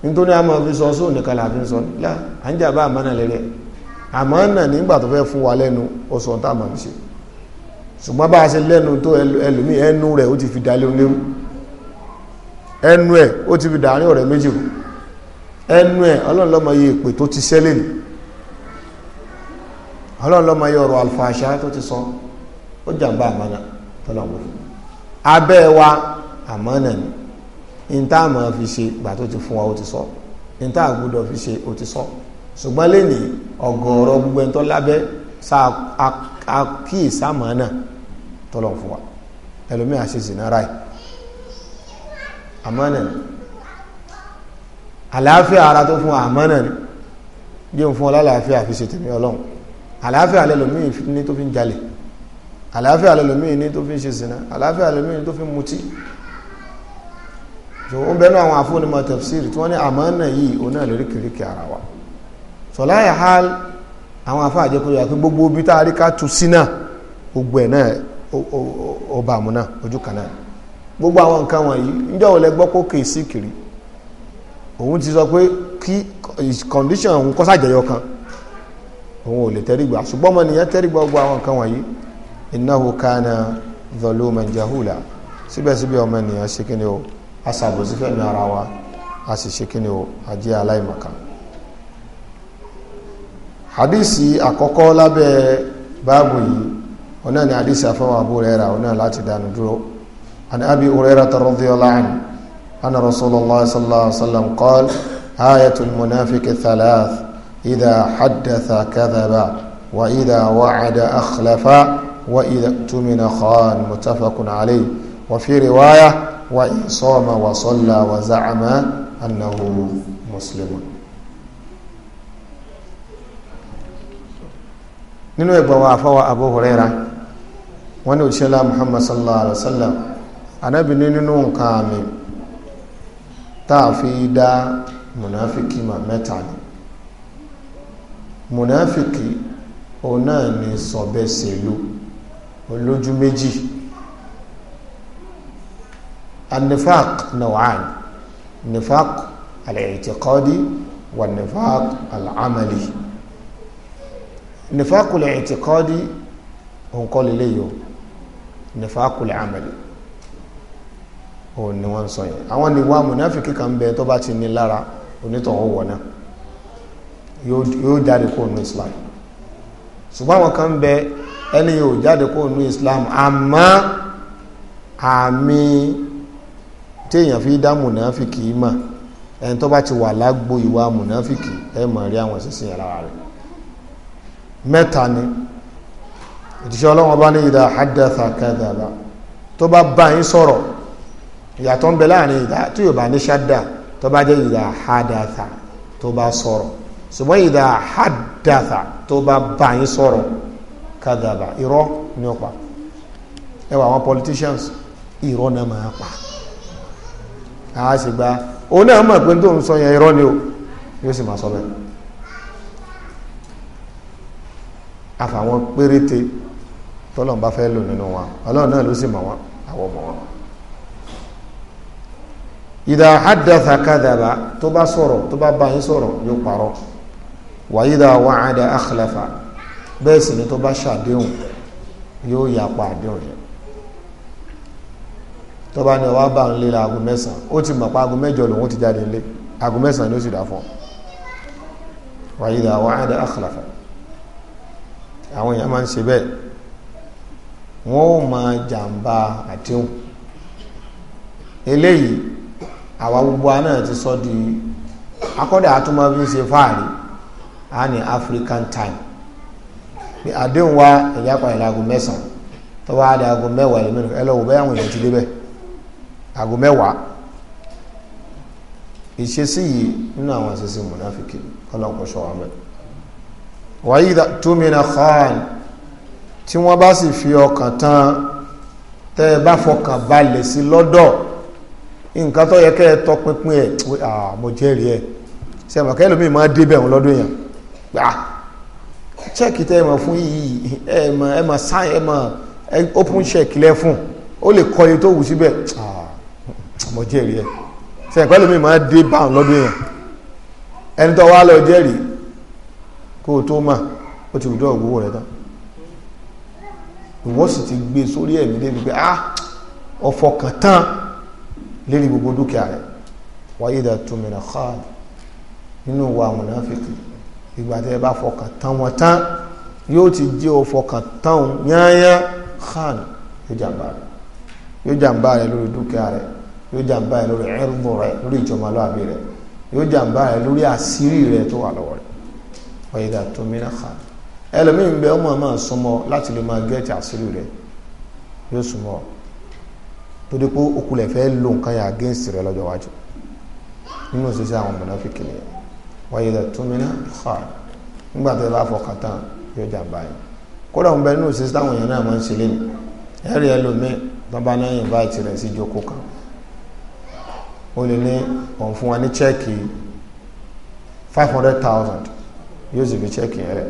nítorí àmọ́ fi sọ sóò nìkan là ń sọ nílá à ń jàbá àmọ́ náà lẹ́rẹ́ àmọ́ náà nígbà tó fẹ́ fún wa lẹ́nu ó sọ tá a máa fi ṣe ṣùgbọ́n bá a ṣe lẹ́nu tó ẹlòmíì ẹnu rẹ̀ ó ti fi dalé onírú ẹnu ẹ̀ ó fi ọ̀rẹ́ méjì ẹnu ẹ̀ iye tó ti ṣẹlẹ̀ nì iye ọ̀rọ̀ àlùfàṣà tó ti sọ ó jàǹbá àmọ́ náà níta máa fi ṣe ìgbà tó ti fún wa ó ti sọ níta àgbọ́dọ̀ fi ṣe ó ti sọ ṣùgbọ́n lẹ́nu ọ̀gọ̀ọ̀rọ̀ gbogbo ẹni tó lábẹ́ sa akíyèsámọ́ náà tọ́lọ̀ fún wa ẹlòmíì àṣeṣe náà ráì àmọ́nà àlàáfíà ara tó fún àmọ́nà ni bí n fún ọlálàáfíà fi ṣe tèmi ọlọ́run àlàáfíà lẹ́lòmíì ní tó fi ń jalè àlàáfíà lẹ́lòmíì ní tó fi ń ṣe zina àlàáfíà lẹ́lòmíì ní tó fi ń mutí so ó ń bẹnu àwọn afúnimọ̀ tafsir tí wọ́n ní àmánà yìí òun náà lóríkìríkì ara wa sọláyà hal àwọn afá àjẹkọ̀ọ́ yà pé gbogbo ibi tá a rí ká tu sí náà gbogbo ẹ̀ náà ọba àmúná ojú kan náà gbogbo àwọn nǹkan wọ̀nyí níjọ́ wọlé gbọ́ kó kè sí kiri òun ti sọ pé kí condition òun kọ́ sàjẹyọ kan òun ò lè tẹ́rígbà ṣùgbọ́n ọmọ nìyẹn tẹ́rígbà gbogbo àwọn nǹkan wọ̀nyí innahu kana zaluman jahula síbẹ̀síbẹ̀ ọmọ nìyẹn ṣe kí ni o a ṣàbòsí fẹ́mi ara wa a sì ṣe kíni o a jẹ́ aláìmọ̀ká hadisi àkọ́kọ́ lábẹ́ báàbù yìí ọ̀nà ni hadisi afọ́wọ́ Abu Hurairah ọ̀nà láti dánu dúró an Abi Hurairah radhiyallahu anhu anna Rasulullah sallallahu alaihi wasallam qala ayatul munafiqi thalath idha haddatha kadhaba wa idha wa'ada akhlafa wa idha tumina khan muttafaqun alayhi wa fi riwayah wa in sọ́ọ̀mà wa sọ́lá wa za'ama annahu muslimun nínú ẹgbà wa àfọwà Abu Huraira wọ́n ní òṣèlá Muhammad sallallahu alaihi wasallam anábì ní nínú nǹkan àmì táà fi dá munafiki ma mẹ́ta ni munafiki òun náà ni sọ̀bẹ̀sẹ̀lú olójú méjì anifaq nawaan nifaq al-i'tiqadi wa nifaq al-amali nifaq al-i'tiqadi ònkọ́ lélẹ̀ yìí o nifaq al-amali òun ni wọ́n sọ yẹn àwọn níwá mùnáfíkì kan bẹ tó bá ti ní lára onítọ̀hún wọ̀ náà yóò jáde kó nu islam ṣùgbọ́n àwọn kan bẹ ẹni yóò jáde kó nu islam àmọ́ àmì téèyàn fi dá mùnàfìkì mà ẹni tó bá ti wà lágbo ìwà mùnàfìkì ẹ mọ̀ rí àwọn sísìn yàrá rẹ̀ mẹ́ta ni òtíṣẹ́ ọlọ́wọ́n bá ní ìdá hadatha kadhaba tó bá bá yín sọ̀rọ̀ ìyàtọ̀ ń bẹ láàrin ìdá tí yóò bá ní ṣáda tó bá jẹ́ ìdá hadatha tó bá sọ̀rọ̀ ṣùgbọ́n ìdá hadatha tó bá bá yín sọ̀rọ̀ kadhaba irọ́ ni ó pa ẹ wà àwọn politicians irọ́ náà máa pa àá sì gba òun náà mọ̀ pé tó ń sọ yẹn irọ́ ni o yóò sì máa sọ bẹ́ẹ̀ àfàwọn péréte tọ́lọ̀ bá fẹ́ lò nínú wọn ọlọ́run náà ló sì mọ̀ wọn àwọn ọmọ wọn ìdá àdàtà kàdàbà tó bá sọ̀rọ̀ tó bá bá yín sọ̀rọ̀ yóò parọ́ wàyídà wàhádà àkàlàfà bẹ́ẹ̀ sì ni tó bá ṣàdéhùn yóò yapa àdéhùn yẹn tọ́ba ni ọwá bá ń lé aago mẹ́sàn ó ti mọ̀ pa aago mẹ́jọ lòun ti jáde lé aago mẹ́sàn ni ó sì dà fún wa idha wa'ada akhlafa àwọn èèyàn máa ń ṣe bẹ́ẹ̀ wọ́n ó máa jàǹbá àdéhùn eléyìí àwa gbogbo wa ti sọ di akọ́dà àtúmọ̀ fi ṣe fáàrí a ní African time pé àdéhùn wa ẹ̀yà pàdé aago mẹ́sàn tọ́wọ́ àdé aago mẹ́wàá ẹ̀lẹ́mẹ́rin ẹlọ́wọ́ bẹ́ẹ̀ àwọn èèyàn ti débẹ̀ aago mẹ́wàá ìṣesí yìí nínú àwọn ìṣesí mùnáfíkì kọ́lọ́kọ́ ṣọ́ wọn bẹ́ẹ̀ wàyí túmínà khan tí wọ́n bá sì fi ọkàn tán tẹ́ ẹ bá fọkàn balẹ̀ sí lọ́dọ̀ nǹkan tó yẹ kẹ́ ẹ tọpinpin ẹ̀ mo jẹ́rìí ẹ̀ ṣe mọ̀ kẹ́ lómi máa débẹ̀ wọn lọ́dún yẹn gbà chẹ́ẹ̀kì tẹ́ ẹ mọ̀ fún yìí ẹ mọ̀ ẹ mọ̀ sáyẹn ẹ mọ̀ open check lẹ́ fún ó lè kọ́ iye tó wù síbẹ̀ mo jẹ́rìí ẹ̀ sẹ́yìn pẹ́lú mi máa dé bá lọ́dún yẹn ẹni tó wá lọ jẹ́rìí kó o tó mà ó ti wùdọ́ ògbówó rẹ̀ tán ìwọ́n sì ti gbé e sórí ẹ̀mí débi pé ah ọ̀fọ̀ kan tán lérí gbogbo dúkìá rẹ̀ wáyé dà túnmìnà khan nínú wa àwọn onáfíkì ìgbà tẹ́ bá fọkàn tán wọn tán yóò ti jẹ́ ọfọkàn tán yányán khan yóò jàǹbá rẹ̀ yóò jàǹbá rẹ̀ lórí dúkìá rẹ̀ yóò jàǹbá rẹ lórí ẹrùbọ rẹ lórí ìjọmọlúàbí rẹ yóò jàǹbá rẹ lórí àṣírí rẹ tó wà lọ́wọ́ rẹ ọyẹdà tó mìíràn kà ẹlòmíì ń bẹ ọmọ ọmọ sọmọ láti lè máa gẹẹtì àṣírí rẹ yóò súnmọ́ torí pé okulẹ fẹ́ lo nǹkan yà gẹẹsì rẹ lọ́jọ́ wájú nínú ṣiṣẹ́ àwọn mọnàfíkì nìyẹn ọyẹdà tó mìíràn kà nígbà tó bá fọkàn tán yóò jàǹbá yẹn kódà ń bẹ nínú ṣiṣẹ́ àwọn ó lè ní òun fún wa ní chẹ́ẹ̀kì five hundred thousand yóò sì fi chẹ́ẹ̀kì yẹn rẹ̀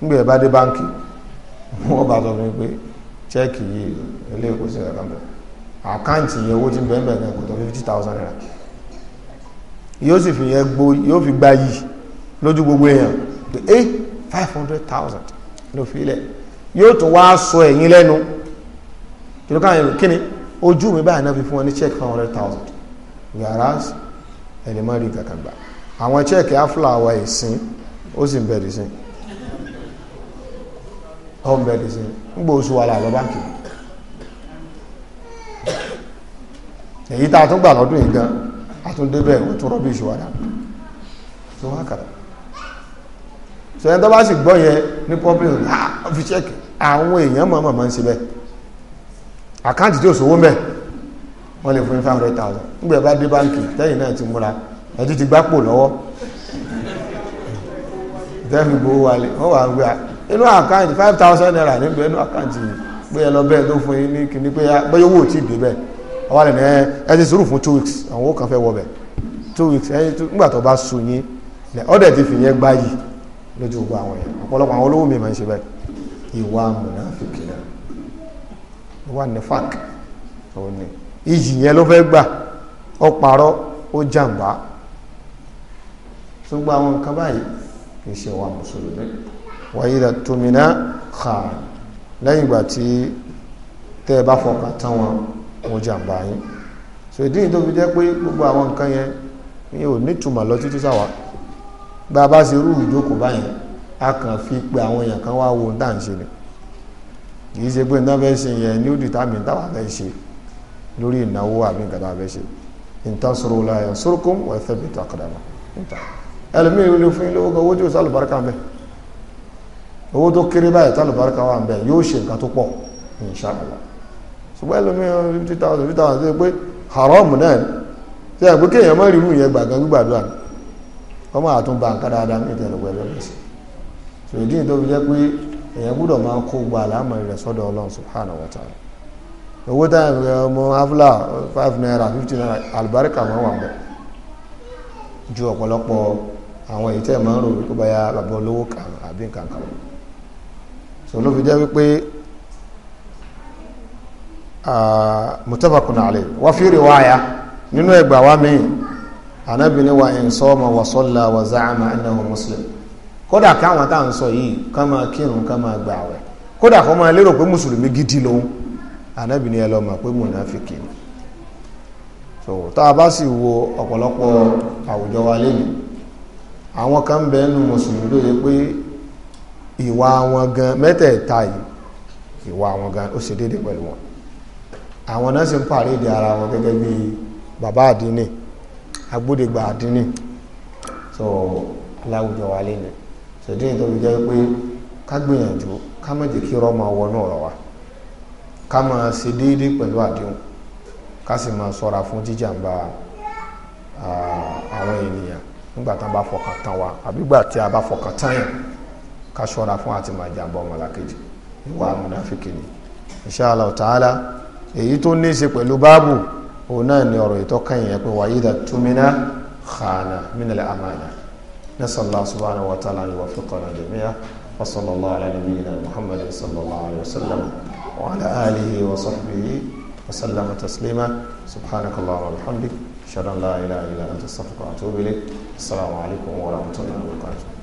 nígbà yẹn bá dé báńkì wọ́n bá sọ fún mi pé chẹ́ẹ̀kì yìí ilé ìkó sí ẹ̀ka bẹ̀rẹ̀ àkáǹtì yẹn owó tí ń bẹ̀rẹ̀ bẹ̀rẹ̀ kò tó fifty thousand naira yóò sì fi yẹn gbó yóò fi gba yìí lójú gbogbo èèyàn pé é five hundred thousand ló fi lẹ̀ yóò tún wá sọ ẹ̀yìn lẹ́nu kí ni ojú mi báyìí náà fi fún wọn ní check one hundred thousand whereas ẹni má rí kankan gbà àwọn check afla àwa ìsìn ó sì ń bẹ̀rẹ̀ sí ó ń bẹ̀rẹ̀ sí ń gbọ́ oṣù wa là lọ báńkì èyí tá a tún gbà lọ́dún yìí gan a tún débẹ̀ ó tún rọ́bì ìṣòwò àdá tó wá kàrà sọ̀rọ̀ tó bá sì gbọ́ yẹn ní pọ́pìlì ha ah, fi check àwọn èèyàn mọ̀ọ́mọ̀ máa ń ṣe bẹ́ẹ̀ àkáǹtì tí ò sówó mẹ́ wọ́n lè fún ní five hundred thousand nígbà bá dé báńkì tẹ́yìn náà ti múra ẹtí ti gbápò lọ́wọ́ tẹ́fì gbowó wálé wọ́n wà gbé inú àkáǹtì five thousand naira níbi inú àkáǹtì pé ẹ lọ bẹ́ẹ̀ tó fún yín ní kíní pé bẹ́ẹ̀ owó ò tí ì dé bẹ́ẹ̀ ọwọ́ àlẹ́ ní ẹ ti sùúrù fún two weeks àwọn owó kan fẹ́ wọ bẹ́ẹ̀ two weeks ẹyin tó nígbà tó bá sun yín ọ̀dẹ̀ ti fìyẹn gbáyì lójú gbogbo àwọn yẹn ọ̀pọ̀lọpọ̀ àwọn olówó mi máa ń ṣe bẹ́ẹ̀ ìwà mùnàfíkì náà wà ní fàk òun ni iyì yẹn ló fẹ́ gbà ó parọ́ ó jàǹbá ṣùgbọ́n àwọn nǹkan báyìí kì í ṣe wa mùsùlùmí wàyí rẹ̀ tómìnà kàn lẹ́yìn ìgbà tí tẹ́ ẹ bá fọkàn tán wọn wọn jàǹbá yín so yìí tó fi jẹ́ pé gbogbo àwọn nǹkan yẹn yìí ò nítumọ̀ lọ títí sáwà bá bá ṣe irú ìjókòó báyẹn a kàn fi pe àwọn èèyàn kan wá wo dáǹṣe ni kìí ṣe pé nǹkan fẹ́ ṣe yẹn ní ó dìtàmì táwa fẹ́ ṣe lórí ìnáwó àbí nǹkan táwa fẹ́ ṣe ìtàsọ̀rọ̀ láyọ̀ sórúkún wà tẹ́bi tó àkàdàmà níta ẹlòmíì ló fún ilé owó tí ó sálùbáríkà ń bẹ owó tó kéré báyìí sálùbáríkà wà ń bẹ yóò ṣe nǹkan tó pọ̀ inshallah ṣùgbọ́n ẹlòmíì fifty thousand fifty thousand ṣe pé haram náà ṣe àgbé kéèyàn má rí irú yẹn gbàgán gbígbàdúrà ni ọmọ àtúnbà nǹkan dáadáa ní ìtẹ̀lẹ̀wẹ̀ lọ́wọ́ sí ṣèdí tó fi jẹ́ pé èèyàn gbúdọ̀ máa kó gba àlámọ̀ rẹ̀ sọ́dọ̀ ọlọ́run subhanahu wa ta'ala owó táwọn ẹ̀rọ ọmọ afla five naira fifty naira àlùbáríkà máa wà bẹ̀ ju ọ̀pọ̀lọpọ̀ àwọn èyí tẹ́ máa ń rò wípé báyà bàbá olówó kan àbí nǹkan kan so ló fi jẹ́ wípé mutafakun alayhi wa fi riwaya nínú ẹgbàá wa mi anabi ni wa in sọ́ọ̀mà wa sọ́la wa za'ama annahu muslim kódà káwọn táwọn sọ yìí kán máa kírun kán máa gbà wẹ̀ kódà kó máa lérò pé mùsùlùmí gidi lòun ànábì ẹ lọ mọ̀ pé mùnàfíkì ni so tá a bá sì wo ọ̀pọ̀lọpọ̀ àwùjọ wa lẹ́yìn àwọn kan ń bẹ nínú mùsùlùmí lóye pé ìwà wọn gan mẹ́tẹ̀ẹ̀ta yìí ìwà wọn gan ó ṣe déédéé pẹ̀lú wọn àwọn náà sì ń pàrédè ara wọn gẹ́gẹ́ bí bàbá àdínì agbódegbà àdínì so láwùjọ wa lẹ́yìn ṣèdí yìí tó fi jẹ́ pé ká gbìyànjú ká má jẹ́ kí rọ́mọ wọnú ọ̀rọ̀ wa ká máa ṣe déédéé pẹ̀lú àdéhùn ká sì máa ṣọ́ra fún jíjàmbá àwọn ènìyàn nígbà tá a bá fọkàn tán wa àbí gbà tí a bá fọkàn tán yàn ká ṣọ́ra fún àti máa jàmbá ọmọlàkejì ìwà múnáfíkì ni insha Allah ta'ala èyí tó ní í ṣe pẹ̀lú báàbù òun náà ni ọ̀rọ̀ ìtọ́kàn yẹn pé wàyí dà túmínà khana mínàlẹ̀ amánà نسأل الله سبحانه وتعالى أن يوفقنا جميعا وصلى الله على نبينا محمد صلى الله عليه وسلم وعلى آله وصحبه وسلم تسليما سبحانك اللهم وبحمدك أشهد أن لا إله إلا أنت أستغفرك وأتوب إليك السلام عليكم ورحمة الله وبركاته